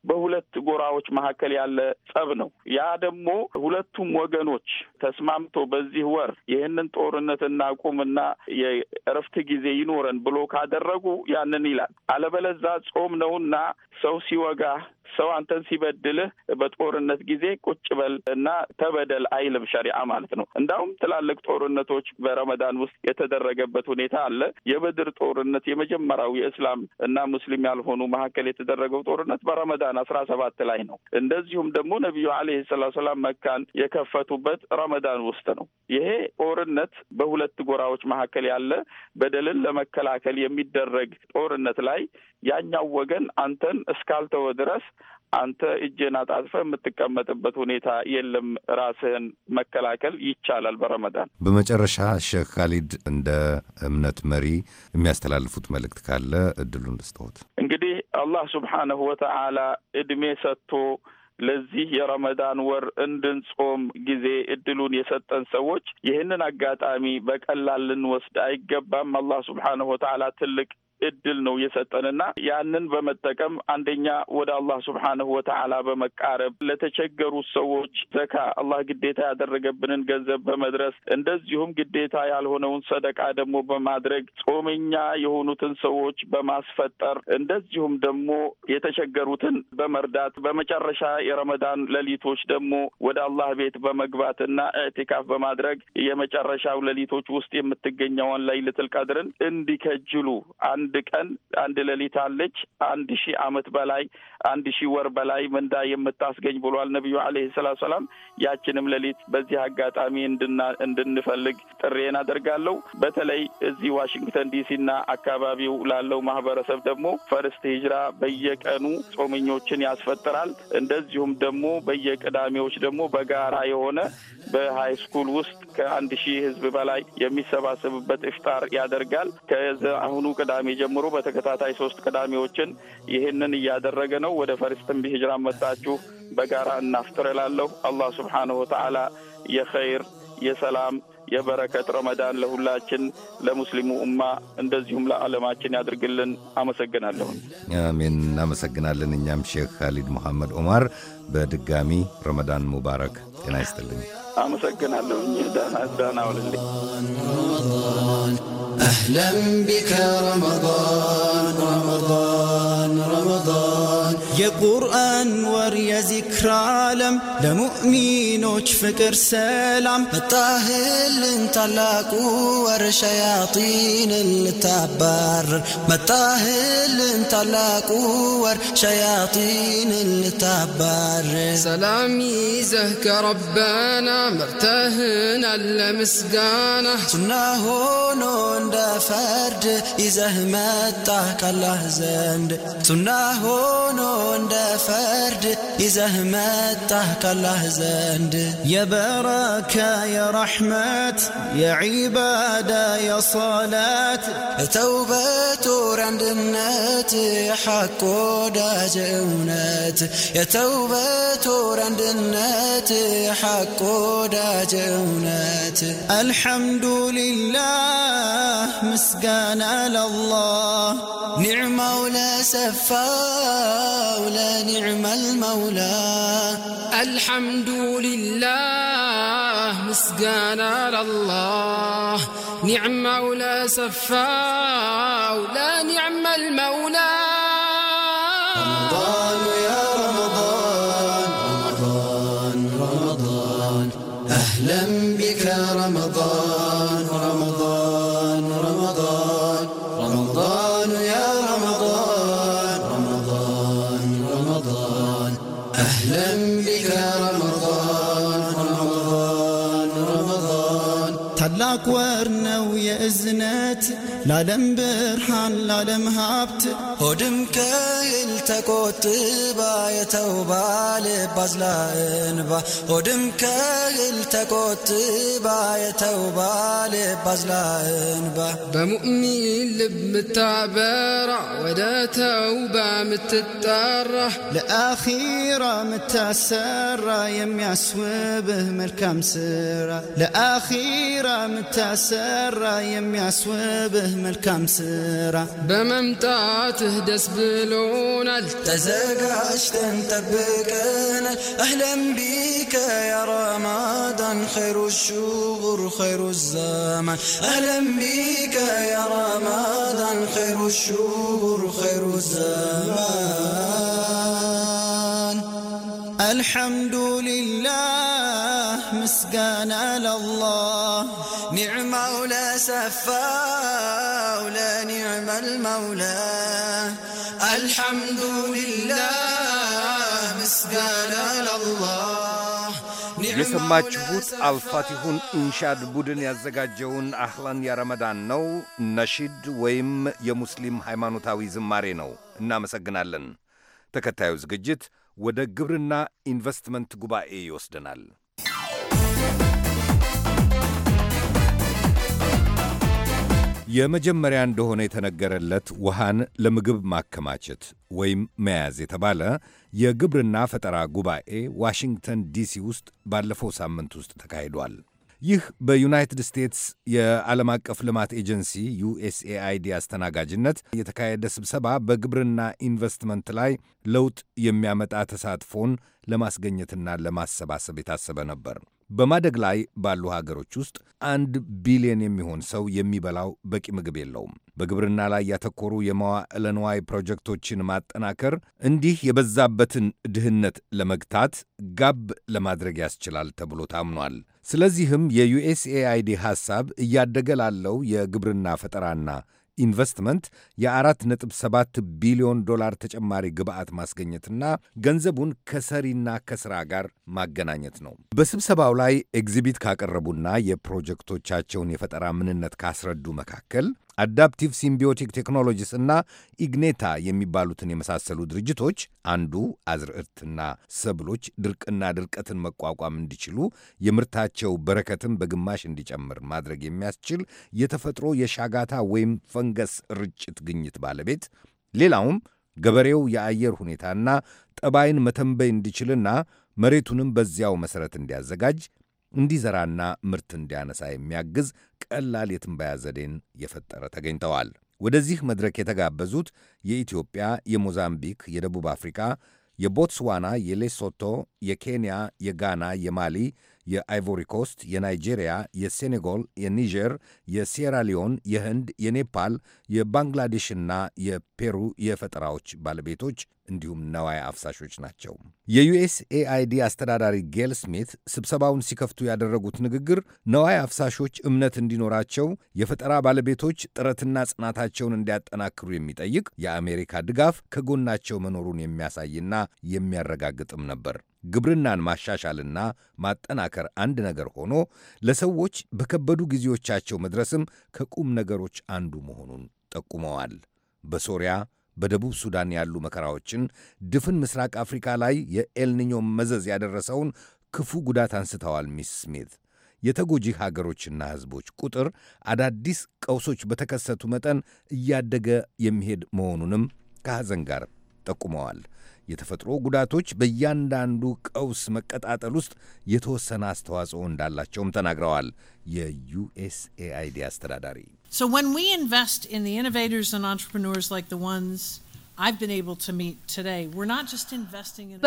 በሁለት ጎራዎች መካከል ያለ ጸብ ነው። ያ ደግሞ ሁለቱም ወገኖች ተስማምቶ በዚህ ወር ይህንን ጦርነት እናቁምና የእረፍት ጊዜ ይኖረን ብሎ ካደረጉ ያንን ይላል። አለበለዛ ጾም ነውና ሰው ሲወጋ ሰው አንተን ሲበድልህ በጦርነት ጊዜ ቁጭ በል እና ተበደል አይልም ሸሪአ ማለት ነው። እንዳውም ትላልቅ ጦርነቶች በረመዳን ውስጥ የተደረገበት ሁኔታ አለ። የበድር ጦርነት የመጀመሪያው የእስላም እና ሙስሊም ያልሆኑ መካከል የተደረገው ጦርነት በረመዳን አስራ ሰባት ላይ ነው። እንደዚሁም ደግሞ ነቢዩ አለይሂ ሰላቱ ሰላም መካን የከፈቱበት ረመዳን ውስጥ ነው። ይሄ ጦርነት በሁለት ጎራዎች መካከል ያለ በደልን ለመከላከል የሚደረግ ጦርነት ላይ ያኛው ወገን አንተን እስካልተወ ድረስ አንተ እጅን አጣጥፈ የምትቀመጥበት ሁኔታ የለም። ራስህን መከላከል ይቻላል በረመዳን። በመጨረሻ ሼህ ካሊድ እንደ እምነት መሪ የሚያስተላልፉት መልእክት ካለ እድሉን ልስጥዎት። እንግዲህ አላህ ሱብሓነሁ ወተዓላ እድሜ ሰጥቶ ለዚህ የረመዳን ወር እንድንጾም ጊዜ እድሉን የሰጠን ሰዎች ይህንን አጋጣሚ በቀላል ልንወስድ አይገባም። አላህ ሱብሓነሁ ወተዓላ ትልቅ እድል ነው የሰጠንና ያንን በመጠቀም አንደኛ ወደ አላህ ስብሓንሁ ወተዓላ በመቃረብ ለተቸገሩ ሰዎች ዘካ አላህ ግዴታ ያደረገብንን ገንዘብ በመድረስ እንደዚሁም ግዴታ ያልሆነውን ሰደቃ ደግሞ በማድረግ ጾመኛ የሆኑትን ሰዎች በማስፈጠር እንደዚሁም ደግሞ የተቸገሩትን በመርዳት በመጨረሻ የረመዳን ሌሊቶች ደግሞ ወደ አላህ ቤት በመግባትና ኢዕቲካፍ በማድረግ የመጨረሻው ሌሊቶች ውስጥ የምትገኘውን ለይለቱል ቀድርን እንዲከጅሉ አንድ ቀን አንድ ሌሊት አለች አንድ ሺህ ዓመት በላይ አንድ ሺህ ወር በላይ ምንዳ የምታስገኝ ብሏል ነቢዩ አለህ ሰላቱ ሰላም። ያችንም ሌሊት በዚህ አጋጣሚ እንድንፈልግ ጥሬን አደርጋለሁ። በተለይ እዚህ ዋሽንግተን ዲሲና አካባቢው ላለው ማህበረሰብ ደግሞ ፈርስት ሂጅራ በየቀኑ ጾመኞችን ያስፈጥራል። እንደዚሁም ደግሞ በየቅዳሜዎች ደግሞ በጋራ የሆነ በሀይ ስኩል ውስጥ ከአንድ ሺህ ህዝብ በላይ የሚሰባሰብበት ኢፍጣር ያደርጋል። ከአሁኑ ቅዳሜ ጀምሮ በተከታታይ ሶስት ቅዳሜዎችን ይህንን እያደረገ ነው። ወደ ፈሪስትም ሂጅራ መጣችሁ በጋራ እናፍጥር እላለሁ። አላህ ስብሓነሁ ወተዓላ የኸይር የሰላም የበረከት ረመዳን ለሁላችን ለሙስሊሙ እማ እንደዚሁም ለዓለማችን ያድርግልን። አመሰግናለሁ። አሜን። እናመሰግናለን። እኛም ሼክ ካሊድ መሐመድ ኦማር በድጋሚ ረመዳን ሙባረክ። ጤና ይስጥልኝ። አመሰግናለሁ። ደህና أهلا بك رمضان رمضان رمضان يا قرآن ور يا ذكر عالم لمؤمن فكر سلام متاهل انت لاكو ور شياطين التبر متاهل انت لاكو ور شياطين التبر سلامي زهك ربنا مرتهن المسقانة سنة هونو اندى فرد إذا همتاك الله زند سنة هونو وندا فرد إذا ما تهك الله زند يا بركة يا رحمة يا عبادة يا صلاة توبة ورند النات حق داج ونات يا توبة ورند النات حق داج ونات الحمد لله مسقانا لله نعمة ولا سفاه المولى نعم المولى الحمد لله مسقانا لله نعم مولى سفاو لا نعم المولى رمضان يا رمضان رمضان رمضان أهلا بك رمضان أكوارنا ويا ازنات لا دم برحان لا دم هابت هدم كيل تكوت با يتوبا لباز لا انبا هدم كيل تكوت با يتوبا لباز لا انبا بمؤمن لب متعبرع ودا توبا متتارع لآخيرا متاسرا يم يسوبه ملك مسرا لآخيرا متاسرا يم يسوبه مل كم سيرة بممتعته دس بلون انت تنتبكنا أهلا بيك يا رمضان خير الشغر خير الزمان أهلا بيك يا رمضان خير الشغر خير الزمان الحمد لله مسقانا لله نعمة ولا سفاه المولى الحمد لله مسجد الله የሰማችሁት አልፋቲሁን ኢንሻድ ቡድን ያዘጋጀውን አህላን ያረመዳን ነው። ነሽድ ወይም የሙስሊም ሃይማኖታዊ ዝማሬ ነው። እናመሰግናለን። ተከታዩ ዝግጅት ወደ ግብርና ኢንቨስትመንት ጉባኤ ይወስደናል። የመጀመሪያ እንደሆነ የተነገረለት ውሃን ለምግብ ማከማቸት ወይም መያዝ የተባለ የግብርና ፈጠራ ጉባኤ ዋሽንግተን ዲሲ ውስጥ ባለፈው ሳምንት ውስጥ ተካሂዷል። ይህ በዩናይትድ ስቴትስ የዓለም አቀፍ ልማት ኤጀንሲ ዩኤስኤአይዲ አስተናጋጅነት የተካሄደ ስብሰባ በግብርና ኢንቨስትመንት ላይ ለውጥ የሚያመጣ ተሳትፎን ለማስገኘትና ለማሰባሰብ የታሰበ ነበር። በማደግ ላይ ባሉ ሀገሮች ውስጥ አንድ ቢሊዮን የሚሆን ሰው የሚበላው በቂ ምግብ የለውም። በግብርና ላይ ያተኮሩ የመዋዕለ ንዋይ ፕሮጀክቶችን ማጠናከር እንዲህ የበዛበትን ድህነት ለመግታት ጋብ ለማድረግ ያስችላል ተብሎ ታምኗል። ስለዚህም የዩኤስኤአይዲ ሐሳብ እያደገ ላለው የግብርና ፈጠራና ኢንቨስትመንት የ4.7 ቢሊዮን ዶላር ተጨማሪ ግብዓት ማስገኘትና ገንዘቡን ከሰሪና ከስራ ጋር ማገናኘት ነው። በስብሰባው ላይ ኤግዚቢት ካቀረቡና የፕሮጀክቶቻቸውን የፈጠራ ምንነት ካስረዱ መካከል አዳፕቲቭ ሲምቢዮቲክ ቴክኖሎጂስ እና ኢግኔታ የሚባሉትን የመሳሰሉ ድርጅቶች አንዱ አዝርዕትና ሰብሎች ድርቅና ድርቀትን መቋቋም እንዲችሉ የምርታቸው በረከትን በግማሽ እንዲጨምር ማድረግ የሚያስችል የተፈጥሮ የሻጋታ ወይም ፈንገስ ርጭት ግኝት ባለቤት፣ ሌላውም ገበሬው የአየር ሁኔታና ጠባይን መተንበይ እንዲችልና መሬቱንም በዚያው መሠረት እንዲያዘጋጅ እንዲዘራና ምርት እንዲያነሳ የሚያግዝ ቀላል የትንበያ ዘዴን የፈጠረ ተገኝተዋል። ወደዚህ መድረክ የተጋበዙት የኢትዮጵያ፣ የሞዛምቢክ፣ የደቡብ አፍሪካ፣ የቦትስዋና፣ የሌሶቶ፣ የኬንያ፣ የጋና፣ የማሊ፣ የአይቮሪኮስት፣ የናይጄሪያ፣ የሴኔጎል፣ የኒጀር፣ የሴራሊዮን፣ የህንድ፣ የኔፓል፣ የባንግላዴሽና የፔሩ የፈጠራዎች ባለቤቶች እንዲሁም ነዋይ አፍሳሾች ናቸው። ኤአይዲ አስተዳዳሪ ጌል ስሚት ስብሰባውን ሲከፍቱ ያደረጉት ንግግር ነዋይ አፍሳሾች እምነት እንዲኖራቸው የፈጠራ ባለቤቶች ጥረትና ጽናታቸውን እንዲያጠናክሩ የሚጠይቅ የአሜሪካ ድጋፍ ከጎናቸው መኖሩን የሚያሳይና የሚያረጋግጥም ነበር። ግብርናን ማሻሻልና ማጠናከር አንድ ነገር ሆኖ ለሰዎች በከበዱ ጊዜዎቻቸው መድረስም ከቁም ነገሮች አንዱ መሆኑን ጠቁመዋል። በሶሪያ በደቡብ ሱዳን ያሉ መከራዎችን፣ ድፍን ምስራቅ አፍሪካ ላይ የኤልኒኞ መዘዝ ያደረሰውን ክፉ ጉዳት አንስተዋል ሚስ ስሚት። የተጎጂ ሀገሮችና ሕዝቦች ቁጥር አዳዲስ ቀውሶች በተከሰቱ መጠን እያደገ የሚሄድ መሆኑንም ከሐዘን ጋር ጠቁመዋል። የተፈጥሮ ጉዳቶች በእያንዳንዱ ቀውስ መቀጣጠል ውስጥ የተወሰነ አስተዋጽኦ እንዳላቸውም ተናግረዋል የዩኤስኤአይዲ አስተዳዳሪ So when we invest in the innovators and entrepreneurs like the ones I've been able to meet today, we're not just investing in...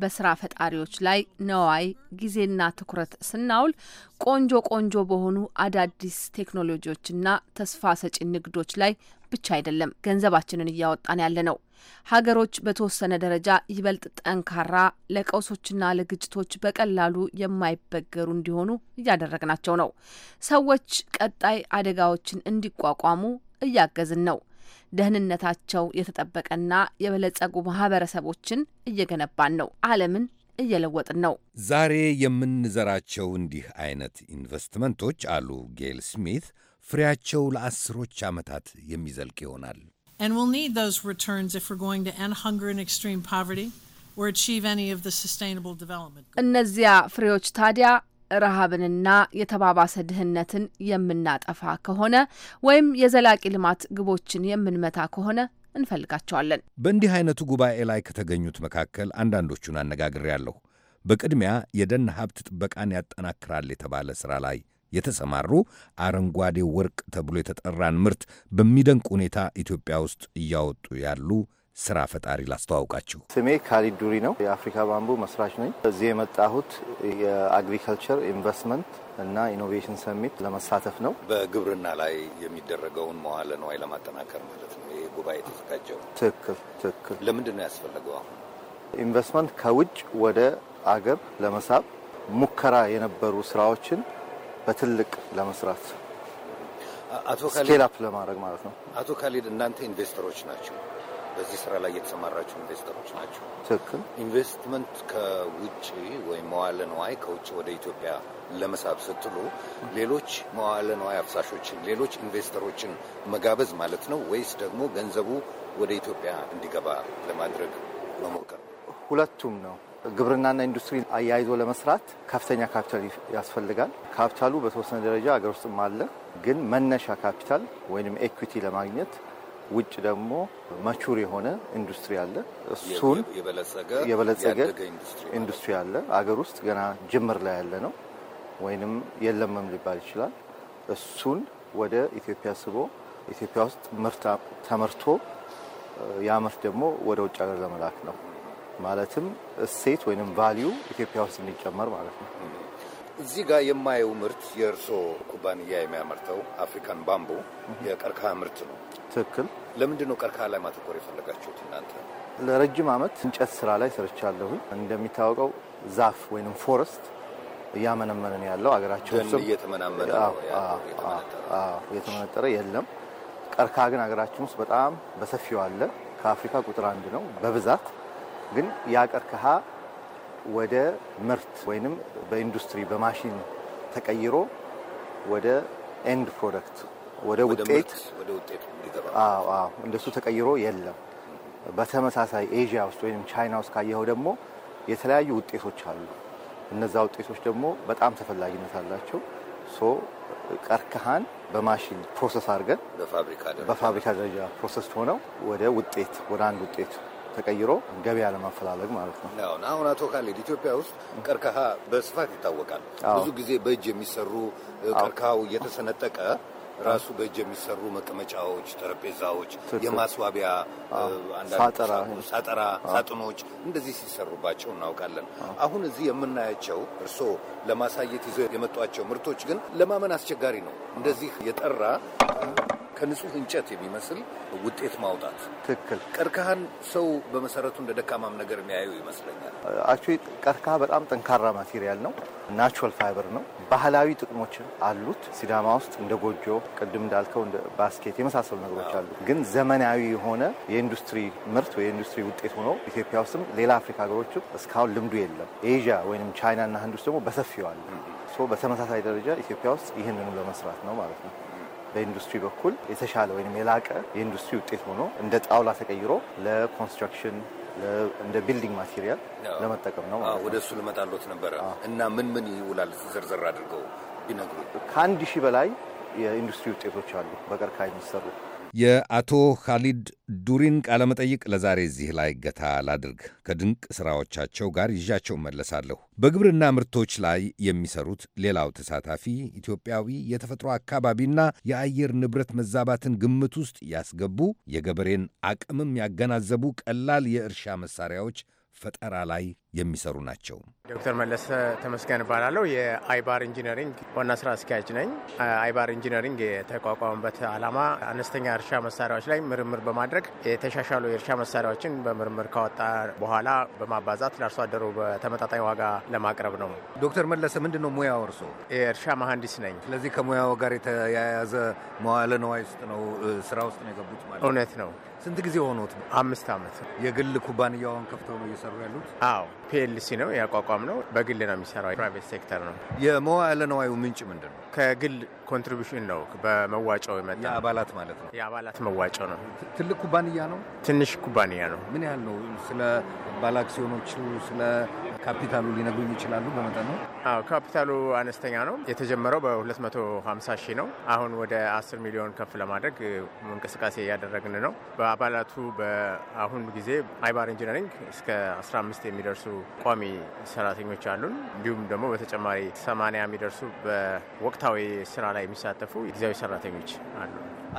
በስራ ፈጣሪዎች ላይ ነዋይ ጊዜና ትኩረት ስናውል ቆንጆ ቆንጆ በሆኑ አዳዲስ ቴክኖሎጂዎችና ተስፋ ሰጪ ንግዶች ላይ ብቻ አይደለም ገንዘባችንን እያወጣን ያለ ነው። ሀገሮች በተወሰነ ደረጃ ይበልጥ ጠንካራ፣ ለቀውሶችና ለግጭቶች በቀላሉ የማይበገሩ እንዲሆኑ እያደረግናቸው ነው። ሰዎች ቀጣይ አደጋዎችን እንዲቋቋሙ እያገዝን ነው። ደህንነታቸው የተጠበቀና የበለጸጉ ማህበረሰቦችን እየገነባን ነው። ዓለምን እየለወጥን ነው። ዛሬ የምንዘራቸው እንዲህ አይነት ኢንቨስትመንቶች አሉ ጌል ስሚት፣ ፍሬያቸው ለአስሮች ዓመታት የሚዘልቅ ይሆናል። እነዚያ ፍሬዎች ታዲያ ረሃብንና የተባባሰ ድህነትን የምናጠፋ ከሆነ ወይም የዘላቂ ልማት ግቦችን የምንመታ ከሆነ እንፈልጋቸዋለን። በእንዲህ አይነቱ ጉባኤ ላይ ከተገኙት መካከል አንዳንዶቹን አነጋግሬያለሁ። በቅድሚያ የደን ሀብት ጥበቃን ያጠናክራል የተባለ ሥራ ላይ የተሰማሩ አረንጓዴ ወርቅ ተብሎ የተጠራን ምርት በሚደንቅ ሁኔታ ኢትዮጵያ ውስጥ እያወጡ ያሉ ስራ ፈጣሪ ላስተዋውቃችሁ። ስሜ ካሊድ ዱሪ ነው። የአፍሪካ ባምቡ መስራች ነኝ። እዚህ የመጣሁት የአግሪካልቸር ኢንቨስትመንት እና ኢኖቬሽን ሰሚት ለመሳተፍ ነው። በግብርና ላይ የሚደረገውን መዋለ ንዋይ ለማጠናከር ማለት ነው ይህ ጉባኤ የተዘጋጀው። ትክክል ትክክል። ለምንድን ነው ያስፈለገው? አሁን ኢንቨስትመንት ከውጭ ወደ አገር ለመሳብ ሙከራ የነበሩ ስራዎችን በትልቅ ለመስራት ስኬል አፕ ለማድረግ ማለት ነው። አቶ ካሊድ እናንተ ኢንቨስተሮች ናቸው በዚህ ስራ ላይ የተሰማራቸው ኢንቨስተሮች ናቸው። ትክክል። ኢንቨስትመንት ከውጭ ወይም መዋለ ነዋይ ከውጭ ወደ ኢትዮጵያ ለመሳብ ስትሉ ሌሎች መዋለ ነዋይ አፍሳሾችን፣ ሌሎች ኢንቨስተሮችን መጋበዝ ማለት ነው ወይስ ደግሞ ገንዘቡ ወደ ኢትዮጵያ እንዲገባ ለማድረግ መሞከር? ሁለቱም ነው። ግብርናና ኢንዱስትሪ አያይዞ ለመስራት ከፍተኛ ካፒታል ያስፈልጋል። ካፒታሉ በተወሰነ ደረጃ ሀገር ውስጥም አለ። ግን መነሻ ካፒታል ወይም ኤኩቲ ለማግኘት ውጭ ደግሞ ማቹር የሆነ ኢንዱስትሪ አለ። እሱን የበለጸገ ኢንዱስትሪ አለ። አገር ውስጥ ገና ጅምር ላይ ያለ ነው ወይንም የለምም ሊባል ይችላል። እሱን ወደ ኢትዮጵያ ስቦ ኢትዮጵያ ውስጥ ምርት ተመርቶ ያ ምርት ደግሞ ወደ ውጭ ሀገር ለመላክ ነው። ማለትም እሴት ወይንም ቫሊዩ ኢትዮጵያ ውስጥ እንዲጨመር ማለት ነው። እዚህ ጋር የማየው ምርት የእርሶ ኩባንያ የሚያመርተው አፍሪካን ባምቡ የቀርከሃ ምርት ነው። ትክክል። ለምንድን ነው ቀርከሃ ላይ ማተኮር የፈለጋችሁት እናንተ? ለረጅም ዓመት እንጨት ስራ ላይ ሰርቻለሁ። እንደሚታወቀው ዛፍ ወይም ፎረስት እያመነመንን ያለው አገራችን ውስጥ እየተመናመነ የለም። ቀርከሃ ግን አገራችን ውስጥ በጣም በሰፊው አለ። ከአፍሪካ ቁጥር አንድ ነው በብዛት ግን ያ ቀርከሃ ወደ ምርት ወይንም በኢንዱስትሪ በማሽን ተቀይሮ ወደ ኤንድ ፕሮደክት ወደ ውጤት እንደሱ ተቀይሮ የለም። በተመሳሳይ ኤዥያ ውስጥ ወይም ቻይና ውስጥ ካየኸው ደግሞ የተለያዩ ውጤቶች አሉ። እነዛ ውጤቶች ደግሞ በጣም ተፈላጊነት አላቸው። ሶ ቀርከሃን በማሽን ፕሮሰስ አድርገን በፋብሪካ ደረጃ ፕሮሰስ ሆነው ወደ ውጤት ወደ አንድ ውጤት ተቀይሮ ገበያ ለማፈላለግ ማለት ነው። አሁን አቶ ካሌድ ኢትዮጵያ ውስጥ ቀርከሃ በስፋት ይታወቃል። ብዙ ጊዜ በእጅ የሚሰሩ ቀርከሃው እየተሰነጠቀ ራሱ በእጅ የሚሰሩ መቀመጫዎች፣ ጠረጴዛዎች፣ የማስዋቢያ ሳጠራ ሳጥኖች እንደዚህ ሲሰሩባቸው እናውቃለን። አሁን እዚህ የምናያቸው እርስዎ ለማሳየት ይዘው የመጧቸው ምርቶች ግን ለማመን አስቸጋሪ ነው። እንደዚህ የጠራ ከንጹህ እንጨት የሚመስል ውጤት ማውጣት። ትክክል። ቀርከሃን ሰው በመሰረቱ እንደ ደካማም ነገር የሚያዩ ይመስለኛል። አክቹዋሊ ቀርከሃ በጣም ጠንካራ ማቴሪያል ነው። ናቹራል ፋይበር ነው። ባህላዊ ጥቅሞች አሉት። ሲዳማ ውስጥ እንደ ጎጆ፣ ቅድም እንዳልከው እንደ ባስኬት የመሳሰሉ ነገሮች አሉ። ግን ዘመናዊ የሆነ የኢንዱስትሪ ምርት ወይ የኢንዱስትሪ ውጤት ሆኖ ኢትዮጵያ ውስጥም ሌላ አፍሪካ ሀገሮች እስካሁን ልምዱ የለም። ኤዥያ ወይም ቻይና እና ህንድ ውስጥ ደግሞ በሰፊዋል። በተመሳሳይ ደረጃ ኢትዮጵያ ውስጥ ይህንኑ ለመስራት ነው ማለት ነው። በኢንዱስትሪ በኩል የተሻለ ወይም የላቀ የኢንዱስትሪ ውጤት ሆኖ እንደ ጣውላ ተቀይሮ ለኮንስትራክሽን እንደ ቢልዲንግ ማቴሪያል ለመጠቀም ነው። ወደ እሱ ልመጣሎት ነበረ እና ምን ምን ይውላል ዝርዝር አድርገው ቢነግሩ። ከአንድ ሺህ በላይ የኢንዱስትሪ ውጤቶች አሉ በቀርከሃ የሚሰሩ የአቶ ካሊድ ዱሪን ቃለመጠይቅ ለዛሬ እዚህ ላይ ገታ ላድርግ። ከድንቅ ሥራዎቻቸው ጋር ይዣቸው መለሳለሁ። በግብርና ምርቶች ላይ የሚሰሩት ሌላው ተሳታፊ ኢትዮጵያዊ የተፈጥሮ አካባቢና የአየር ንብረት መዛባትን ግምት ውስጥ ያስገቡ የገበሬን አቅምም ያገናዘቡ ቀላል የእርሻ መሳሪያዎች ፈጠራ ላይ የሚሰሩ ናቸው። ዶክተር መለሰ ተመስገን እባላለሁ። የአይባር ኢንጂነሪንግ ዋና ስራ አስኪያጅ ነኝ። አይባር ኢንጂነሪንግ የተቋቋመበት ዓላማ አነስተኛ እርሻ መሳሪያዎች ላይ ምርምር በማድረግ የተሻሻሉ የእርሻ መሳሪያዎችን በምርምር ካወጣ በኋላ በማባዛት ለአርሶ አደሩ በተመጣጣኝ ዋጋ ለማቅረብ ነው። ዶክተር መለሰ ምንድን ነው ሙያው እርሶ? የእርሻ መሐንዲስ ነኝ። ስለዚህ ከሙያው ጋር የተያያዘ መዋለ ንዋይ ውስጥ ነው ስራ ውስጥ ነው የገቡት ማለት እውነት ነው። ስንት ጊዜ ሆኖት ነው? አምስት ዓመት። የግል ኩባንያውን ከፍተው ነው እየሰሩ ያሉት? አዎ፣ ፒኤልሲ ነው ያቋቋም ነው። በግል ነው የሚሰራው፣ ፕራይቬት ሴክተር ነው። የመዋዕለ ነዋዩ ምንጭ ምንድን ነው? ከግል ኮንትሪቢሽን ነው፣ በመዋጫው የመጣ የአባላት ማለት ነው። የአባላት መዋጫው ነው። ትልቅ ኩባንያ ነው? ትንሽ ኩባንያ ነው። ምን ያህል ነው? ስለ ባለአክሲዮኖቹ ስለ ካፒታሉ ሊነግሩኝ ይችላሉ? በመጠኑ ካፒታሉ አነስተኛ ነው። የተጀመረው በ250 ሺህ ነው። አሁን ወደ 10 ሚሊዮን ከፍ ለማድረግ እንቅስቃሴ እያደረግን ነው። በአባላቱ በአሁኑ ጊዜ አይባር ኢንጂነሪንግ እስከ 15 የሚደርሱ ቋሚ ሰራተኞች አሉን። እንዲሁም ደግሞ በተጨማሪ 80 የሚደርሱ በወቅታዊ ስራ ላይ የሚሳተፉ ጊዜያዊ ሰራተኞች አሉ።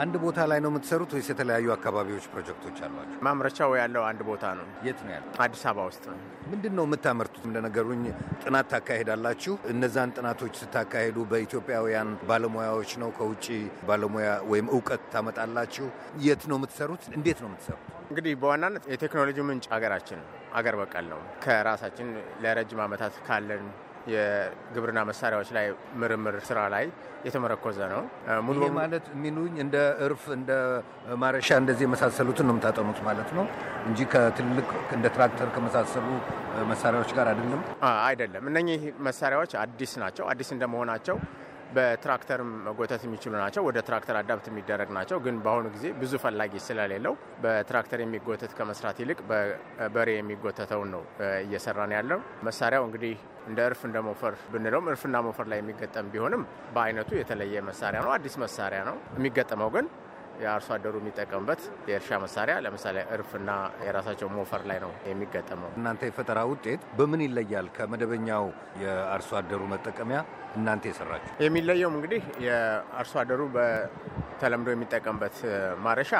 አንድ ቦታ ላይ ነው የምትሰሩት ወይስ የተለያዩ አካባቢዎች ፕሮጀክቶች አሏቸው? ማምረቻው ያለው አንድ ቦታ ነው። የት ነው ያለው? አዲስ አበባ ውስጥ ነው። ምንድን ነው የምታመርቱት? እንደነገሩኝ ጥናት ታካሄዳላችሁ። እነዛን ጥናቶች ስታካሄዱ በኢትዮጵያውያን ባለሙያዎች ነው? ከውጭ ባለሙያ ወይም እውቀት ታመጣላችሁ? የት ነው የምትሰሩት? እንዴት ነው የምትሰሩት? እንግዲህ በዋናነት የቴክኖሎጂ ምንጭ ሀገራችን አገር በቀል ነው። ከራሳችን ለረጅም ዓመታት ካለን የግብርና መሳሪያዎች ላይ ምርምር ስራ ላይ የተመረኮዘ ነው። ሙሉ ማለት የሚሉኝ እንደ እርፍ፣ እንደ ማረሻ እንደዚህ የመሳሰሉትን ነው የምታጠኑት ማለት ነው እንጂ ከትልልቅ እንደ ትራክተር ከመሳሰሉ መሳሪያዎች ጋር አይደለም። አይደለም። እነኚህ መሳሪያዎች አዲስ ናቸው። አዲስ እንደመሆናቸው በትራክተርም መጎተት የሚችሉ ናቸው። ወደ ትራክተር አዳብት የሚደረግ ናቸው። ግን በአሁኑ ጊዜ ብዙ ፈላጊ ስለሌለው በትራክተር የሚጎተት ከመስራት ይልቅ በበሬ የሚጎተተውን ነው እየሰራን ያለው። መሳሪያው እንግዲህ እንደ እርፍ እንደ ሞፈር ብንለውም እርፍና ሞፈር ላይ የሚገጠም ቢሆንም በአይነቱ የተለየ መሳሪያ ነው። አዲስ መሳሪያ ነው። የሚገጠመው ግን የአርሶ አደሩ የሚጠቀምበት የእርሻ መሳሪያ ለምሳሌ እርፍና የራሳቸው ሞፈር ላይ ነው የሚገጠመው። እናንተ የፈጠራ ውጤት በምን ይለያል ከመደበኛው የአርሶ አደሩ መጠቀሚያ? እናንተ የሰራችሁ የሚለየውም እንግዲህ የአርሶ አደሩ በተለምዶ የሚጠቀምበት ማረሻ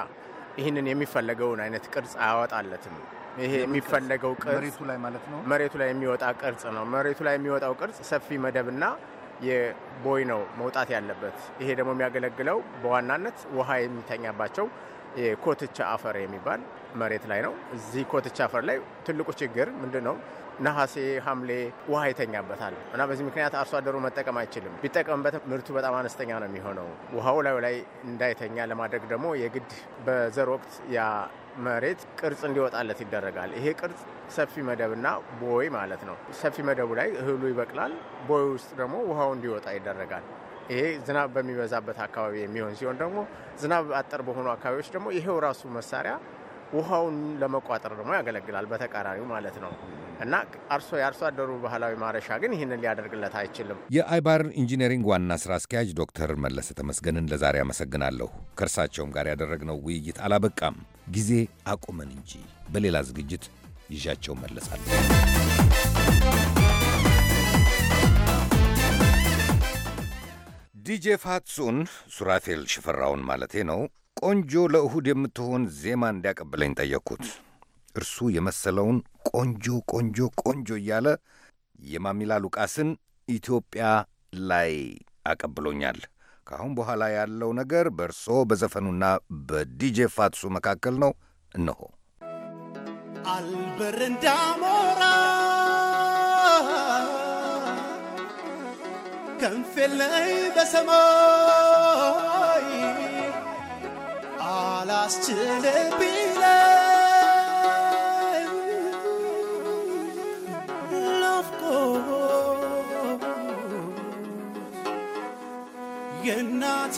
ይህንን የሚፈለገውን አይነት ቅርጽ አያወጣለትም። ይሄ የሚፈለገው ቅርጽ መሬቱ ላይ ማለት ነው። መሬቱ ላይ የሚወጣ ቅርጽ ነው። መሬቱ ላይ የሚወጣው ቅርጽ ሰፊ መደብና የቦይ ነው መውጣት ያለበት። ይሄ ደግሞ የሚያገለግለው በዋናነት ውሃ የሚተኛባቸው የኮትቻ አፈር የሚባል መሬት ላይ ነው። እዚህ ኮትቻ አፈር ላይ ትልቁ ችግር ምንድን ነው? ነሐሴ፣ ሐምሌ ውሃ ይተኛበታል እና በዚህ ምክንያት አርሶ አደሩ መጠቀም አይችልም። ቢጠቀምበት ምርቱ በጣም አነስተኛ ነው የሚሆነው። ውሃው ላዩ ላይ እንዳይተኛ ለማድረግ ደግሞ የግድ በዘር ወቅት ያ መሬት ቅርጽ እንዲወጣለት ይደረጋል። ይሄ ቅርጽ ሰፊ መደብና ቦይ ማለት ነው። ሰፊ መደቡ ላይ እህሉ ይበቅላል። ቦይ ውስጥ ደግሞ ውሃው እንዲወጣ ይደረጋል። ይሄ ዝናብ በሚበዛበት አካባቢ የሚሆን ሲሆን ደግሞ ዝናብ አጠር በሆኑ አካባቢዎች ደግሞ ይሄው ራሱ መሳሪያ ውሃውን ለመቋጠር ደግሞ ያገለግላል። በተቃራኒው ማለት ነው። እና አርሶ የአርሶ አደሩ ባህላዊ ማረሻ ግን ይህንን ሊያደርግለት አይችልም። የአይባር ኢንጂነሪንግ ዋና ስራ አስኪያጅ ዶክተር መለሰ ተመስገንን ለዛሬ አመሰግናለሁ። ከእርሳቸውም ጋር ያደረግነው ውይይት አላበቃም፣ ጊዜ አቁመን እንጂ በሌላ ዝግጅት ይዣቸው መለሳለሁ። ዲጄ ፋትሱን ሱራፌል ሽፈራውን ማለቴ ነው ቆንጆ ለእሁድ የምትሆን ዜማ እንዲያቀብለኝ ጠየቅኩት። እርሱ የመሰለውን ቆንጆ ቆንጆ ቆንጆ እያለ የማሚላ ሉቃስን ኢትዮጵያ ላይ አቀብሎኛል። ከአሁን በኋላ ያለው ነገር በእርሶ በዘፈኑና በዲጄ ፋትሱ መካከል ነው። እነሆ አልበር እንዳሞራ ከንፌ ላይ በሰማይ አላስችል ቢለ የእናቴ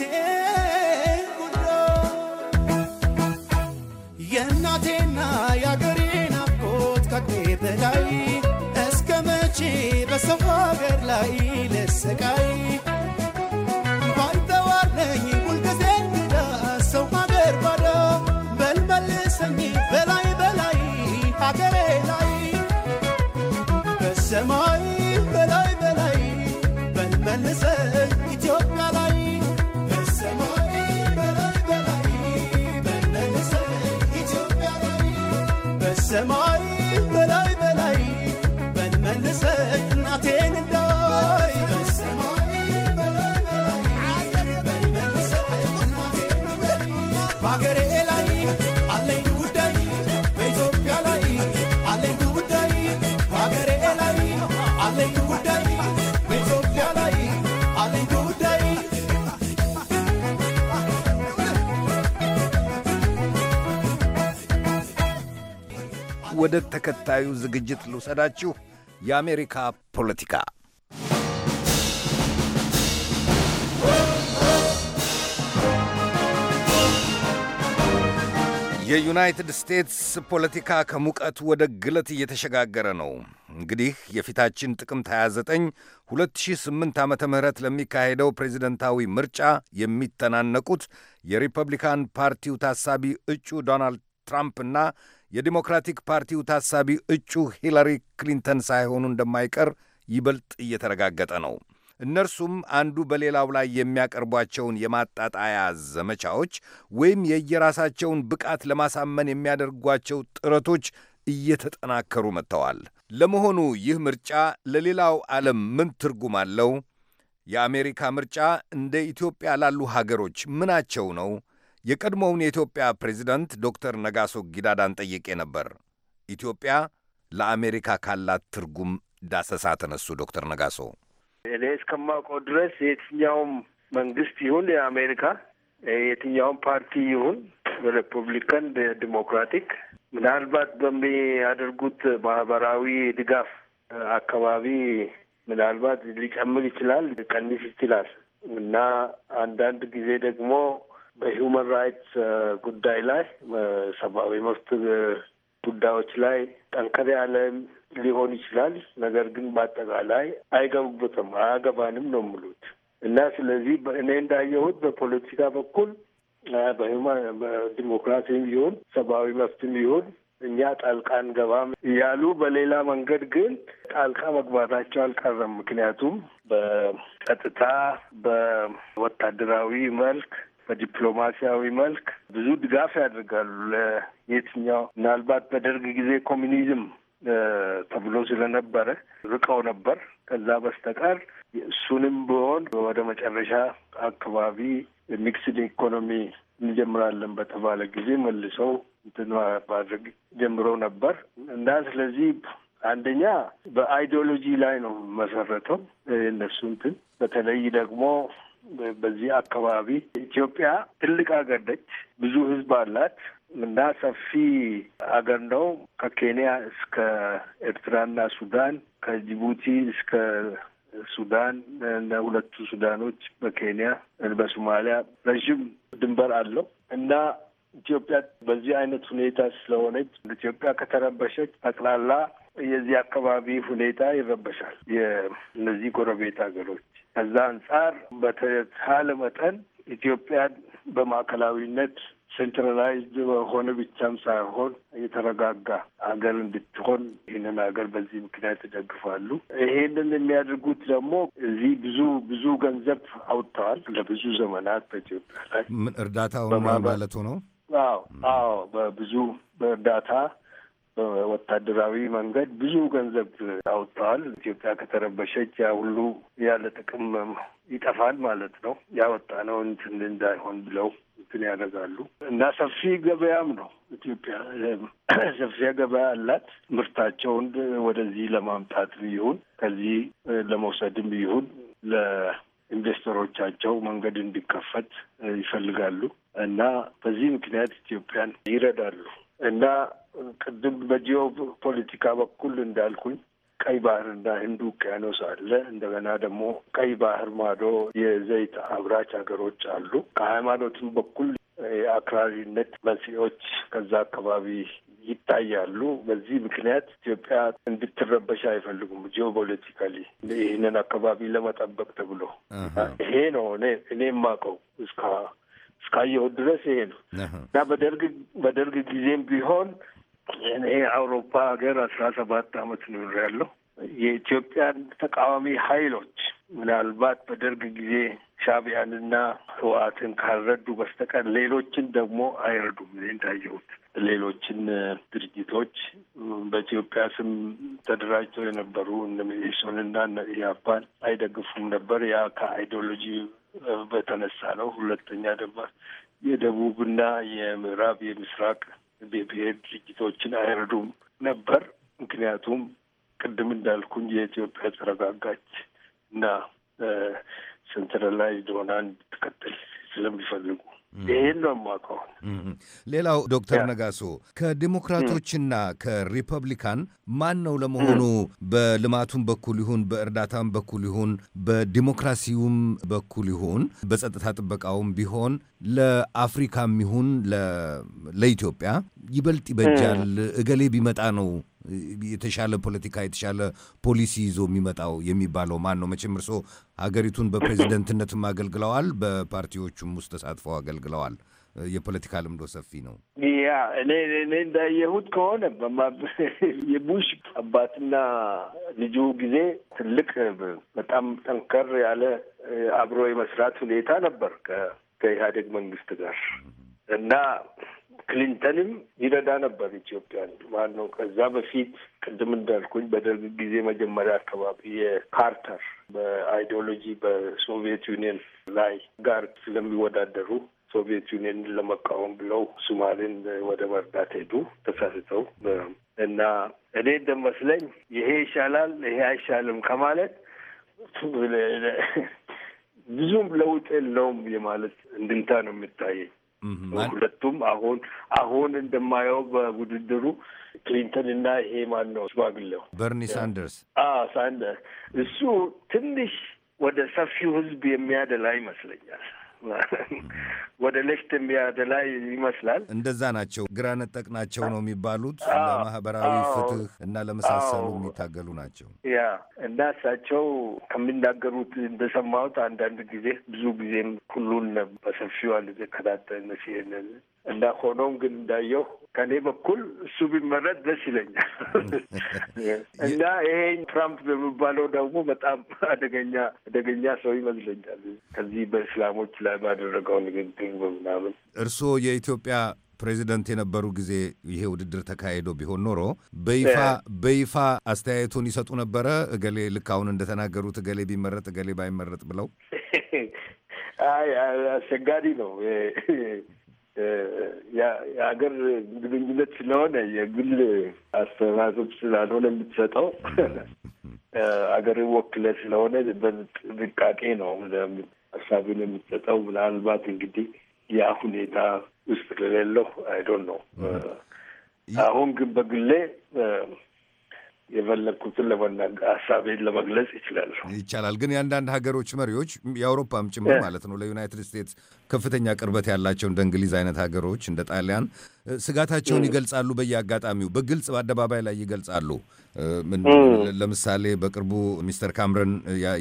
ወደ ተከታዩ ዝግጅት ልውሰዳችሁ። የአሜሪካ ፖለቲካ የዩናይትድ ስቴትስ ፖለቲካ ከሙቀት ወደ ግለት እየተሸጋገረ ነው። እንግዲህ የፊታችን ጥቅምት 29 2008 ዓ ምህረት ለሚካሄደው ፕሬዚደንታዊ ምርጫ የሚተናነቁት የሪፐብሊካን ፓርቲው ታሳቢ እጩ ዶናልድ ትራምፕና የዲሞክራቲክ ፓርቲው ታሳቢ እጩ ሂላሪ ክሊንተን ሳይሆኑ እንደማይቀር ይበልጥ እየተረጋገጠ ነው። እነርሱም አንዱ በሌላው ላይ የሚያቀርቧቸውን የማጣጣያ ዘመቻዎች ወይም የየራሳቸውን ብቃት ለማሳመን የሚያደርጓቸው ጥረቶች እየተጠናከሩ መጥተዋል። ለመሆኑ ይህ ምርጫ ለሌላው ዓለም ምን ትርጉም አለው? የአሜሪካ ምርጫ እንደ ኢትዮጵያ ላሉ ሀገሮች ምናቸው ነው? የቀድሞውን የኢትዮጵያ ፕሬዚደንት ዶክተር ነጋሶ ጊዳዳን ጠይቄ ነበር። ኢትዮጵያ ለአሜሪካ ካላት ትርጉም ዳሰሳ ተነሱ። ዶክተር ነጋሶ እኔ እስከማውቀው ድረስ የትኛውም መንግስት ይሁን የአሜሪካ የትኛውም ፓርቲ ይሁን በሪፐብሊካን በዲሞክራቲክ ምናልባት በሚያደርጉት ማህበራዊ ድጋፍ አካባቢ ምናልባት ሊጨምር ይችላል፣ ሊቀንስ ይችላል እና አንዳንድ ጊዜ ደግሞ በሂውመን ራይትስ ጉዳይ ላይ ሰብአዊ መብት ጉዳዮች ላይ ጠንከር ያለ ሊሆን ይችላል። ነገር ግን በአጠቃላይ አይገቡበትም፣ አያገባንም ነው የሚሉት እና ስለዚህ እኔ እንዳየሁት በፖለቲካ በኩል በሂውማን ዲሞክራሲም ይሁን ሰብአዊ መብትም ይሁን እኛ ጣልቃ አንገባም እያሉ በሌላ መንገድ ግን ጣልቃ መግባታቸው አልቀረም። ምክንያቱም በቀጥታ በወታደራዊ መልክ በዲፕሎማሲያዊ መልክ ብዙ ድጋፍ ያደርጋሉ ለየትኛው ምናልባት በደርግ ጊዜ ኮሚኒዝም ተብሎ ስለነበረ ርቀው ነበር። ከዛ በስተቀር እሱንም ቢሆን ወደ መጨረሻ አካባቢ ሚክስድ ኢኮኖሚ እንጀምራለን በተባለ ጊዜ መልሰው እንትን ማድረግ ጀምረው ነበር እና ስለዚህ አንደኛ በአይዲዮሎጂ ላይ ነው መሰረተው የእነሱ እንትን በተለይ ደግሞ በዚህ አካባቢ ኢትዮጵያ ትልቅ ሀገር ነች። ብዙ ህዝብ አላት እና ሰፊ አገር ነው። ከኬንያ እስከ ኤርትራና ሱዳን፣ ከጅቡቲ እስከ ሱዳን እና ሁለቱ ሱዳኖች በኬንያ በሶማሊያ ረዥም ድንበር አለው እና ኢትዮጵያ በዚህ አይነት ሁኔታ ስለሆነች ኢትዮጵያ ከተረበሸች ጠቅላላ የዚህ አካባቢ ሁኔታ ይረበሻል። የእነዚህ ጎረቤት ሀገሮች ከዛ አንጻር በተቻለ መጠን ኢትዮጵያን በማዕከላዊነት ሴንትራላይዝድ በሆነ ብቻም ሳይሆን የተረጋጋ ሀገር እንድትሆን ይህንን ሀገር በዚህ ምክንያት ይደግፋሉ። ይሄንን የሚያደርጉት ደግሞ እዚህ ብዙ ብዙ ገንዘብ አውጥተዋል ለብዙ ዘመናት በኢትዮጵያ ላይ ምን እርዳታ ማለት ነው። አዎ አዎ፣ በብዙ በእርዳታ በወታደራዊ መንገድ ብዙ ገንዘብ አውጥተዋል። ኢትዮጵያ ከተረበሸች ያ ሁሉ ያለ ጥቅም ይጠፋል ማለት ነው። ያወጣነው እንትን እንዳይሆን ብለው እንትን ያደርጋሉ እና ሰፊ ገበያም ነው ኢትዮጵያ ሰፊ ገበያ አላት። ምርታቸውን ወደዚህ ለማምጣት ይሁን ከዚህ ለመውሰድም ይሁን ለኢንቨስተሮቻቸው መንገድ እንዲከፈት ይፈልጋሉ እና በዚህ ምክንያት ኢትዮጵያን ይረዳሉ። እና ቅድም በጂኦ ፖለቲካ በኩል እንዳልኩኝ ቀይ ባህርና ህንድ ውቅያኖስ አለ። እንደገና ደግሞ ቀይ ባህር ማዶ የዘይት አብራች ሀገሮች አሉ። ከሃይማኖትም በኩል የአክራሪነት መንስኤዎች ከዛ አካባቢ ይታያሉ። በዚህ ምክንያት ኢትዮጵያ እንድትረበሽ አይፈልጉም። ጂኦፖለቲካሊ ይህንን አካባቢ ለመጠበቅ ተብሎ ይሄ ነው እኔ እኔ ማቀው እስከ እስካየሁት ድረስ ይሄ ነው እና በደርግ በደርግ ጊዜም ቢሆን እኔ አውሮፓ ሀገር አስራ ሰባት አመት ኑር ያለው የኢትዮጵያን ተቃዋሚ ሀይሎች ምናልባት በደርግ ጊዜ ሻቢያንና ህወሓትን ካልረዱ በስተቀር ሌሎችን ደግሞ አይረዱም። እንዳየሁት ሌሎችን ድርጅቶች በኢትዮጵያ ስም ተደራጅተው የነበሩ እነ መኢሶንና እነ ኢያፓን አይደግፉም ነበር። ያ ከአይዲዮሎጂ በተነሳ ነው። ሁለተኛ ደግሞ የደቡብና የምዕራብ የምስራቅ ብሔር ድርጅቶችን አይረዱም ነበር። ምክንያቱም ቅድም እንዳልኩኝ የኢትዮጵያ ተረጋጋች እና ሴንትራላይዝድ ሆና እንድትቀጥል ስለሚፈልጉ ይህን ነው የማውቀው። ሌላው ዶክተር ነጋሶ ከዲሞክራቶችና ከሪፐብሊካን ማን ነው ለመሆኑ በልማቱም በኩል ይሁን በእርዳታም በኩል ይሁን በዲሞክራሲውም በኩል ይሁን በጸጥታ ጥበቃውም ቢሆን ለአፍሪካም ይሁን ለኢትዮጵያ ይበልጥ ይበጃል እገሌ ቢመጣ ነው የተሻለ ፖለቲካ የተሻለ ፖሊሲ ይዞ የሚመጣው የሚባለው ማን ነው? መቼም እርስዎ ሀገሪቱን በፕሬዚደንትነትም አገልግለዋል፣ በፓርቲዎቹም ውስጥ ተሳትፈው አገልግለዋል። የፖለቲካ ልምዶ ሰፊ ነው። ያ እኔ እኔ እንዳየሁት ከሆነ የቡሽ አባትና ልጁ ጊዜ ትልቅ በጣም ጠንከር ያለ አብሮ የመስራት ሁኔታ ነበር ከኢህአዴግ መንግስት ጋር እና ክሊንተንም ይረዳ ነበር ኢትዮጵያን። ነው ከዛ በፊት ቅድም እንዳልኩኝ በደርግ ጊዜ መጀመሪያ አካባቢ የካርተር በአይዲዮሎጂ በሶቪየት ዩኒየን ላይ ጋር ስለሚወዳደሩ ሶቪየት ዩኒየንን ለመቃወም ብለው ሱማሌን ወደ መርዳት ሄዱ። ተሳስተው እና እኔ እንደመስለኝ ይሄ ይሻላል ይሄ አይሻልም ከማለት ብዙም ለውጥ የለውም የማለት እንድምታ ነው የሚታየኝ። ሁለቱም አሁን አሁን እንደማየው በውድድሩ ክሊንተን እና ይሄ ማን ነው ሽማግሌው በርኒ ሳንደርስ ሳንደርስ እሱ ትንሽ ወደ ሰፊው ህዝብ የሚያደላ ይመስለኛል። ወደ ሌፍት የሚያደላ ይመስላል። እንደዛ ናቸው። ግራ ነጠቅ ናቸው ነው የሚባሉት። ለማህበራዊ ፍትህ እና ለመሳሰሉ የሚታገሉ ናቸው። ያ እና እሳቸው ከሚናገሩት እንደሰማሁት አንዳንድ ጊዜ ብዙ ጊዜም ሁሉን በሰፊው አልተከታተልን ሲ እና ሆኖም ግን እንዳየው ከኔ በኩል እሱ ቢመረጥ ደስ ይለኛል እና ይሄ ትራምፕ የሚባለው ደግሞ በጣም አደገኛ አደገኛ ሰው ይመስለኛል። ከዚህ በእስላሞች ላይ ባደረገው ንግግር በምናምን እርስዎ የኢትዮጵያ ፕሬዚደንት የነበሩ ጊዜ ይሄ ውድድር ተካሂዶ ቢሆን ኖሮ በይፋ በይፋ አስተያየቱን ይሰጡ ነበረ። እገሌ ልክ አሁን እንደተናገሩት እገሌ ቢመረጥ እገሌ ባይመረጥ ብለው አይ አስቸጋሪ ነው። የሀገር ግንኙነት ስለሆነ የግል አስተሳሰብ ስላልሆነ የምትሰጠው ሀገር ወክለ ስለሆነ በጥንቃቄ ነው ሀሳብን የምትሰጠው። ምናልባት እንግዲህ ያ ሁኔታ ውስጥ ለሌለሁ አይዶን ነው። አሁን ግን በግሌ የፈለግኩትን ለመናገር ሀሳቤን ለመግለጽ ይችላሉ ይቻላል። ግን የአንዳንድ ሀገሮች መሪዎች የአውሮፓም ጭምር ማለት ነው ለዩናይትድ ስቴትስ ከፍተኛ ቅርበት ያላቸው እንደ እንግሊዝ አይነት ሀገሮች እንደ ጣሊያን ስጋታቸውን ይገልጻሉ። በየአጋጣሚው በግልጽ በአደባባይ ላይ ይገልጻሉ። ለምሳሌ በቅርቡ ሚስተር ካምረን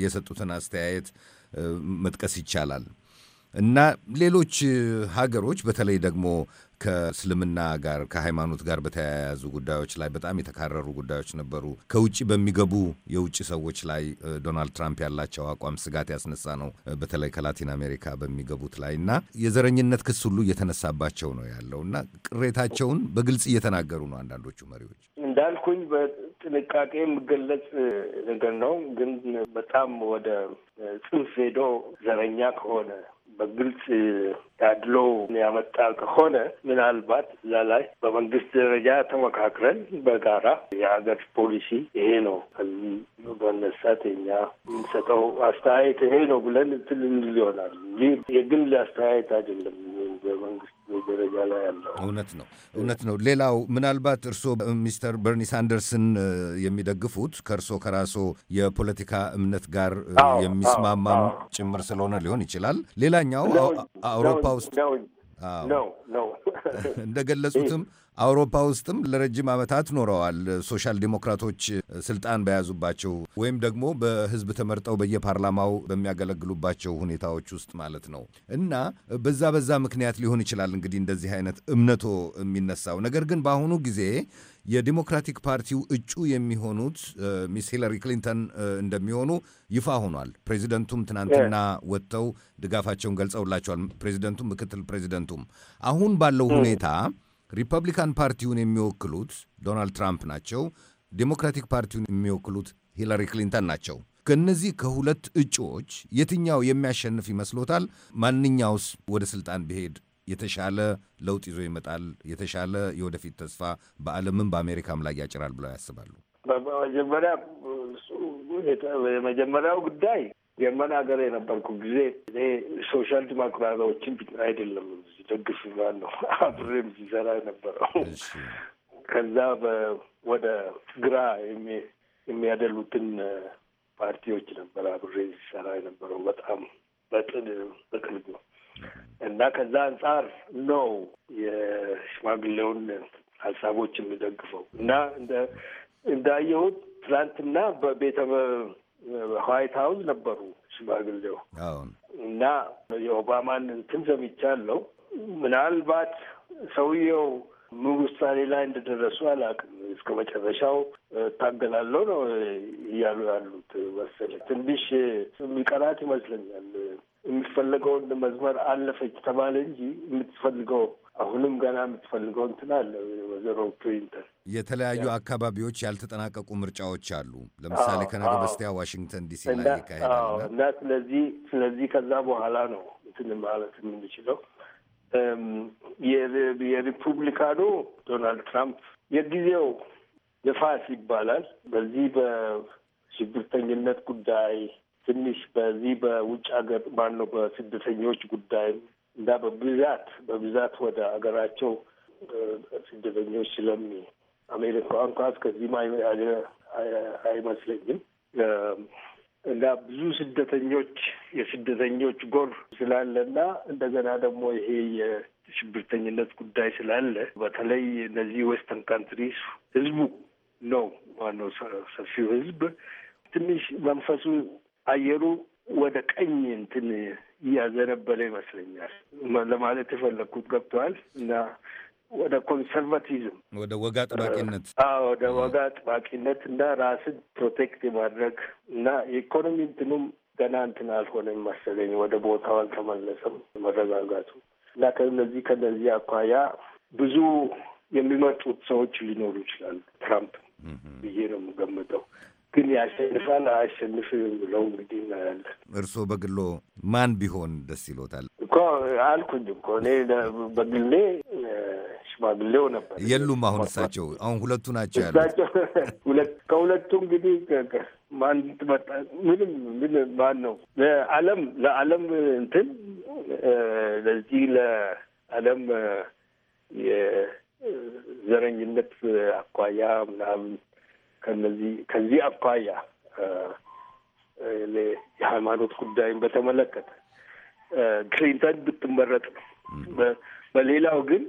የሰጡትን አስተያየት መጥቀስ ይቻላል። እና ሌሎች ሀገሮች በተለይ ደግሞ ከእስልምና ጋር ከሃይማኖት ጋር በተያያዙ ጉዳዮች ላይ በጣም የተካረሩ ጉዳዮች ነበሩ። ከውጭ በሚገቡ የውጭ ሰዎች ላይ ዶናልድ ትራምፕ ያላቸው አቋም ስጋት ያስነሳ ነው። በተለይ ከላቲን አሜሪካ በሚገቡት ላይ እና የዘረኝነት ክስ ሁሉ እየተነሳባቸው ነው ያለው እና ቅሬታቸውን በግልጽ እየተናገሩ ነው አንዳንዶቹ መሪዎች እንዳልኩኝ በጥንቃቄ የሚገለጽ ነገር ነው። ግን በጣም ወደ ጽንፍ ሄዶ ዘረኛ ከሆነ በግልጽ ያድሎ ያመጣ ከሆነ ምናልባት እዛ ላይ በመንግስት ደረጃ ተመካክረን በጋራ የሀገር ፖሊሲ ይሄ ነው ከዚህ በነሳት እኛ የምንሰጠው አስተያየት ይሄ ነው ብለን ትልንል ይሆናል። ይህ የግል አስተያየት አይደለም በመንግስት ደረጃ ላይ ያለው እውነት ነው እውነት ነው። ሌላው ምናልባት እርስዎ ሚስተር በርኒ ሳንደርስን የሚደግፉት ከእርስዎ ከራስዎ የፖለቲካ እምነት ጋር የሚስማማም ጭምር ስለሆነ ሊሆን ይችላል። ሌላኛው አውሮፓ ውስጥ ነው ነው እንደገለጹትም አውሮፓ ውስጥም ለረጅም ዓመታት ኖረዋል። ሶሻል ዲሞክራቶች ስልጣን በያዙባቸው ወይም ደግሞ በህዝብ ተመርጠው በየፓርላማው በሚያገለግሉባቸው ሁኔታዎች ውስጥ ማለት ነው እና በዛ በዛ ምክንያት ሊሆን ይችላል እንግዲህ እንደዚህ አይነት እምነቶ የሚነሳው ነገር ግን በአሁኑ ጊዜ የዲሞክራቲክ ፓርቲው እጩ የሚሆኑት ሚስ ሂለሪ ክሊንተን እንደሚሆኑ ይፋ ሆኗል። ፕሬዚደንቱም ትናንትና ወጥተው ድጋፋቸውን ገልጸውላቸዋል። ፕሬዚደንቱም ምክትል ፕሬዚደንቱም አሁን ባለው ሁኔታ ሪፐብሊካን ፓርቲውን የሚወክሉት ዶናልድ ትራምፕ ናቸው። ዴሞክራቲክ ፓርቲውን የሚወክሉት ሂላሪ ክሊንተን ናቸው። ከእነዚህ ከሁለት እጩዎች የትኛው የሚያሸንፍ ይመስሎታል? ማንኛውስ ወደ ስልጣን ቢሄድ የተሻለ ለውጥ ይዞ ይመጣል፣ የተሻለ የወደፊት ተስፋ በዓለምም በአሜሪካም ላይ ያጭራል ብለው ያስባሉ? በመጀመሪያ የመጀመሪያው ጉዳይ ጀርመን ሀገር የነበርኩ ጊዜ እኔ ሶሻል ዲሞክራቶችን አይደለም ደግፍ ነው አብሬም ሲሰራ የነበረው ከዛ ወደ ግራ የሚያደሉትን ፓርቲዎች ነበር አብሬ ሲሰራ የነበረው በጣም በጥን በቅርብ ነው እና ከዛ አንጻር ነው የሽማግሌውን ሀሳቦች የሚደግፈው እና እንዳየሁት ትላንትና በቤተ ዋይት ሀውስ ነበሩ ሽማግሌው እና የኦባማን እንትን ሰምቻለሁ። ምናልባት ሰውየው ምን ውሳኔ ላይ እንደደረሱ አላውቅም። እስከ መጨረሻው እታገላለሁ ነው እያሉ ያሉት መሰለኝ። ትንሽ የሚቀራት ይመስለኛል። የሚፈለገውን መዝመር አለፈች ተባለ እንጂ የምትፈልገው አሁንም ገና የምትፈልገው እንትን አለ። ወይዘሮ ፕሪንተር የተለያዩ አካባቢዎች ያልተጠናቀቁ ምርጫዎች አሉ። ለምሳሌ ከነገ በስቲያ ዋሽንግተን ዲሲ ላይ ይካሄዳል እና ስለዚህ ስለዚህ ከዛ በኋላ ነው እንትን ማለት የምንችለው። የሪፑብሊካኑ ዶናልድ ትራምፕ የጊዜው ንፋስ ይባላል። በዚህ በሽብርተኝነት ጉዳይ ትንሽ በዚህ በውጭ ሀገር ማነው በስደተኞች ጉዳይ እና በብዛት በብዛት ወደ ሀገራቸው ስደተኞች ስለሚ አሜሪካ እንኳ ከዚህም አይመስለኝም እና ብዙ ስደተኞች የስደተኞች ጎር ስላለና እንደገና ደግሞ ይሄ የሽብርተኝነት ጉዳይ ስላለ በተለይ እነዚህ ዌስተርን ካንትሪስ ህዝቡ ነው ዋናው ሰፊው ህዝብ ትንሽ መንፈሱ አየሩ ወደ ቀኝ እንትን እያዘነበለ ይመስለኛል ለማለት የፈለግኩት ገብተዋል እና ወደ ኮንሰርቫቲዝም ወደ ወግ አጥባቂነት ወደ ወግ አጥባቂነት እና ራስን ፕሮቴክት የማድረግ እና የኢኮኖሚ እንትኑም ገና እንትን አልሆነም መሰለኝ ወደ ቦታው አልተመለሰም መረጋጋቱ እና ከነዚህ ከነዚህ አኳያ ብዙ የሚመጡት ሰዎች ሊኖሩ ይችላሉ ትራምፕ ብዬ ነው የምገምጠው። ግን ያሸንፋል አያሸንፍ ብለው እንግዲህ እናያለን። እርስዎ በግሎ ማን ቢሆን ደስ ይሎታል? እኮ አልኩኝ እኮ እኔ በግሌ ሽማግሌው ነበር። የሉም አሁን እሳቸው፣ አሁን ሁለቱ ናቸው ያሉት። ከሁለቱ እንግዲህ ማን ትመጣ? ምንም ምን ማን ነው ለአለም ለአለም እንትን ለዚህ ለአለም የዘረኝነት አኳያ ምናምን ከነዚህ ከዚህ አኳያ የሃይማኖት ጉዳይን በተመለከተ ክሊንተን ብትመረጥ በሌላው ግን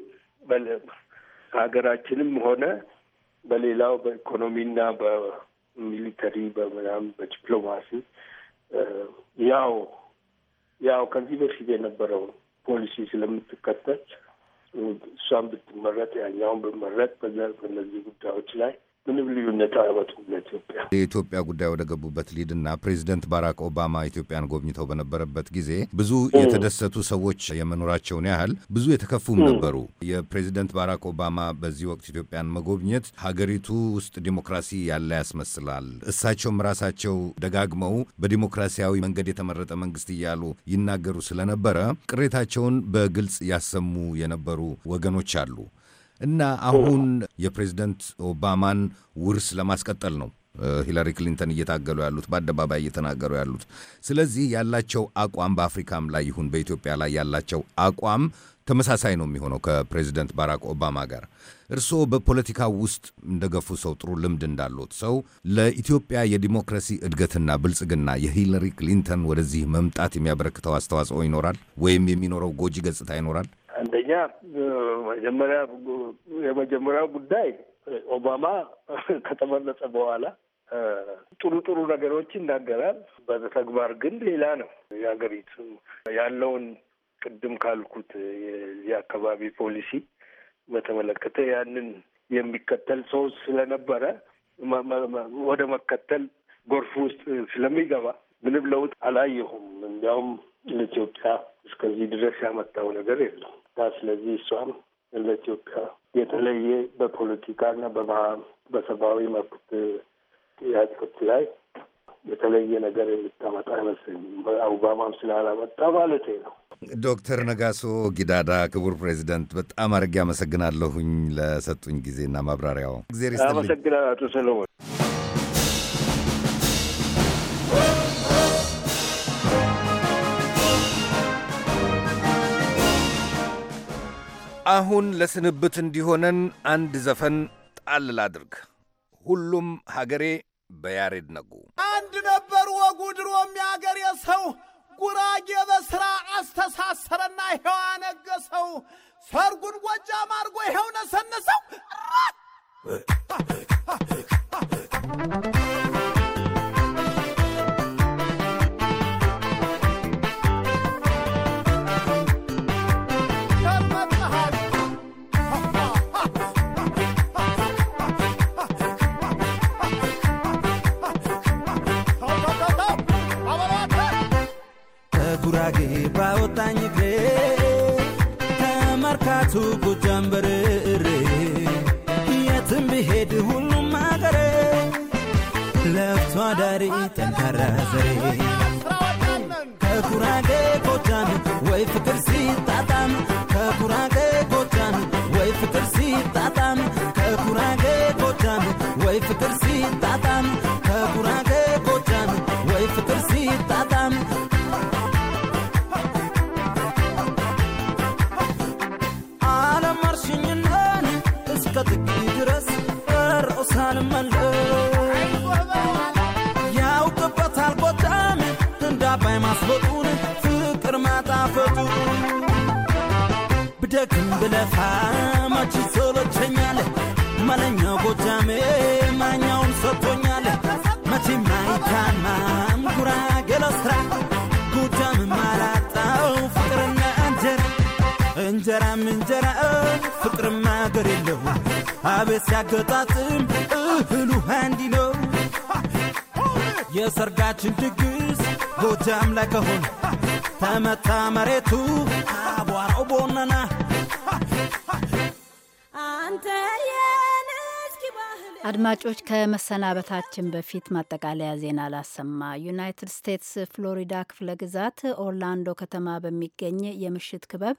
በሀገራችንም ሆነ በሌላው በኢኮኖሚና በሚሊተሪ በምናምን በዲፕሎማሲ ያው ያው ከዚህ በፊት የነበረው ፖሊሲ ስለምትከተል እሷን ብትመረጥ ያኛውን ብመረጥ በነዚህ ጉዳዮች ላይ ምንም ልዩነት አያመጡም ለኢትዮጵያ። የኢትዮጵያ ጉዳይ ወደ ገቡበት ሊድና ፕሬዚደንት ባራክ ኦባማ ኢትዮጵያን ጎብኝተው በነበረበት ጊዜ ብዙ የተደሰቱ ሰዎች የመኖራቸውን ያህል ብዙ የተከፉም ነበሩ። የፕሬዚደንት ባራክ ኦባማ በዚህ ወቅት ኢትዮጵያን መጎብኘት ሀገሪቱ ውስጥ ዲሞክራሲ ያለ ያስመስላል፣ እሳቸውም ራሳቸው ደጋግመው በዲሞክራሲያዊ መንገድ የተመረጠ መንግስት እያሉ ይናገሩ ስለነበረ ቅሬታቸውን በግልጽ ያሰሙ የነበሩ ወገኖች አሉ። እና አሁን የፕሬዚደንት ኦባማን ውርስ ለማስቀጠል ነው ሂላሪ ክሊንተን እየታገሉ ያሉት በአደባባይ እየተናገሩ ያሉት። ስለዚህ ያላቸው አቋም በአፍሪካም ላይ ይሁን በኢትዮጵያ ላይ ያላቸው አቋም ተመሳሳይ ነው የሚሆነው ከፕሬዚደንት ባራክ ኦባማ ጋር። እርስዎ በፖለቲካ ውስጥ እንደገፉ ሰው ጥሩ ልምድ እንዳለት ሰው ለኢትዮጵያ የዲሞክራሲ እድገትና ብልጽግና የሂለሪ ክሊንተን ወደዚህ መምጣት የሚያበረክተው አስተዋጽኦ ይኖራል ወይም የሚኖረው ጎጂ ገጽታ ይኖራል? አንደኛ መጀመሪያ የመጀመሪያው ጉዳይ ኦባማ ከተመረጠ በኋላ ጥሩ ጥሩ ነገሮች ይናገራል። በተግባር ግን ሌላ ነው። የሀገሪቱ ያለውን ቅድም ካልኩት የአካባቢ ፖሊሲ በተመለከተ ያንን የሚከተል ሰው ስለነበረ ወደ መከተል ጎርፍ ውስጥ ስለሚገባ ምንም ለውጥ አላየሁም። እንዲያውም ለኢትዮጵያ እስከዚህ ድረስ ያመጣው ነገር የለም። እና ስለዚህ እሷም ለኢትዮጵያ የተለየ በፖለቲካ በፖለቲካና በባህል በሰብአዊ መብት ጥያቄዎች ላይ የተለየ ነገር የምታመጣ አይመስለኝም። ኦባማም ስላላመጣ ማለት ነው። ዶክተር ነጋሶ ጊዳዳ ክቡር ፕሬዚደንት በጣም አድርጌ አመሰግናለሁኝ ለሰጡኝ ጊዜና ማብራሪያው። እግዜር ይስጥልኝ። አመሰግናለሁ አቶ ሰለሞን። አሁን ለስንብት እንዲሆነን አንድ ዘፈን ጣል ላድርግ። ሁሉም ሀገሬ በያሬድ ነጉ። አንድ ነበር ወጉ ድሮም የአገሬ ሰው ጉራጌ በሥራ አስተሳሰረና ሕዋ አነገሰው። ሰርጉን ጎጃም አርጎ ይኸው ነሰነሰው። ጉራጌ ባወጣኝ እግሬ ከመርካቱ ጎጃም በርሬ የትም ብሄድ ሁሉም አገሬ ለፍቶ አዳሪ ጠንካራ ዘሬ ከጉራጌ ጎጃም ወይ ፍቅር ሲጣጣም ከጉራጌ ጎጃም ወይ ፍቅር ሲጣጣም ከጉራጌ ጎጃም ወይ ፍቅር ሲጣጣም ከጉራጌ ብለፋ ማችን ሰለቸኛለ ማለኛው ጎጃሜ ማኛውን ሰጥቶኛለ ማይታማም ጉራ ጉራጌ ስራ ጎጃም ማላጣው ፍቅርና እንጀራ እንጀራም እንጀራ ፍቅርም አገር የለው አቤት ሲያገጣጥም እህሉ አንዲ ነው የሰርጋችን ድግስ ጎጃም ላይ ከሆነ ተመታ መሬቱ አቧራው ቦነና አድማጮች ከመሰናበታችን በፊት ማጠቃለያ ዜና ላሰማ። ዩናይትድ ስቴትስ ፍሎሪዳ ክፍለ ግዛት ኦርላንዶ ከተማ በሚገኝ የምሽት ክበብ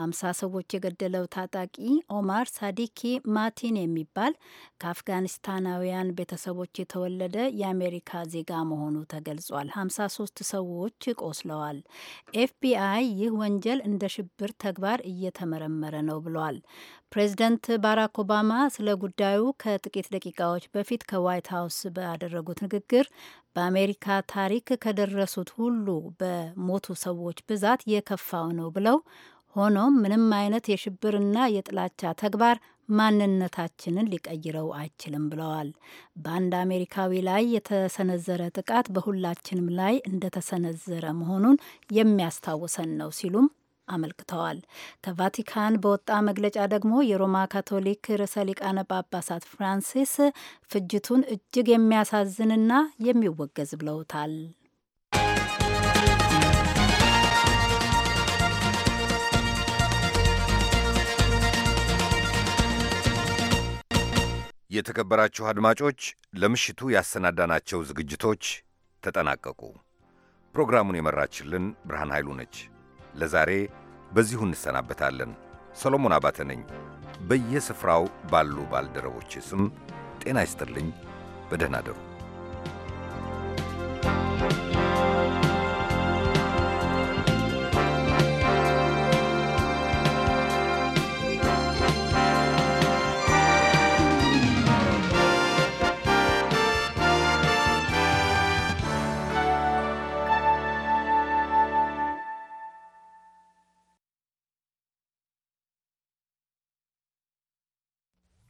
ሀምሳ ሰዎች የገደለው ታጣቂ ኦማር ሳዲኪ ማቲን የሚባል ከአፍጋኒስታናውያን ቤተሰቦች የተወለደ የአሜሪካ ዜጋ መሆኑ ተገልጿል። ሀምሳ ሶስት ሰዎች ቆስለዋል። ኤፍቢአይ ይህ ወንጀል እንደ ሽብር ተግባር እየተመረመረ ነው ብሏል። ፕሬዚደንት ባራክ ኦባማ ስለ ጉዳዩ ከጥቂት ደቂቃዎች በፊት ከዋይት ሀውስ ባደረጉት ንግግር በአሜሪካ ታሪክ ከደረሱት ሁሉ በሞቱ ሰዎች ብዛት የከፋው ነው ብለው ሆኖም ምንም አይነት የሽብርና የጥላቻ ተግባር ማንነታችንን ሊቀይረው አይችልም ብለዋል። በአንድ አሜሪካዊ ላይ የተሰነዘረ ጥቃት በሁላችንም ላይ እንደተሰነዘረ መሆኑን የሚያስታውሰን ነው ሲሉም አመልክተዋል። ከቫቲካን በወጣ መግለጫ ደግሞ የሮማ ካቶሊክ ርዕሰ ሊቃነ ጳጳሳት ፍራንሲስ ፍጅቱን እጅግ የሚያሳዝንና የሚወገዝ ብለውታል። የተከበራችሁ አድማጮች ለምሽቱ ያሰናዳናቸው ዝግጅቶች ተጠናቀቁ። ፕሮግራሙን የመራችልን ብርሃን ኃይሉ ነች። ለዛሬ በዚሁ እንሰናበታለን። ሰሎሞን አባተ ነኝ። በየስፍራው ባሉ ባልደረቦች ስም ጤና ይስጥልኝ። በደህና አደሩ።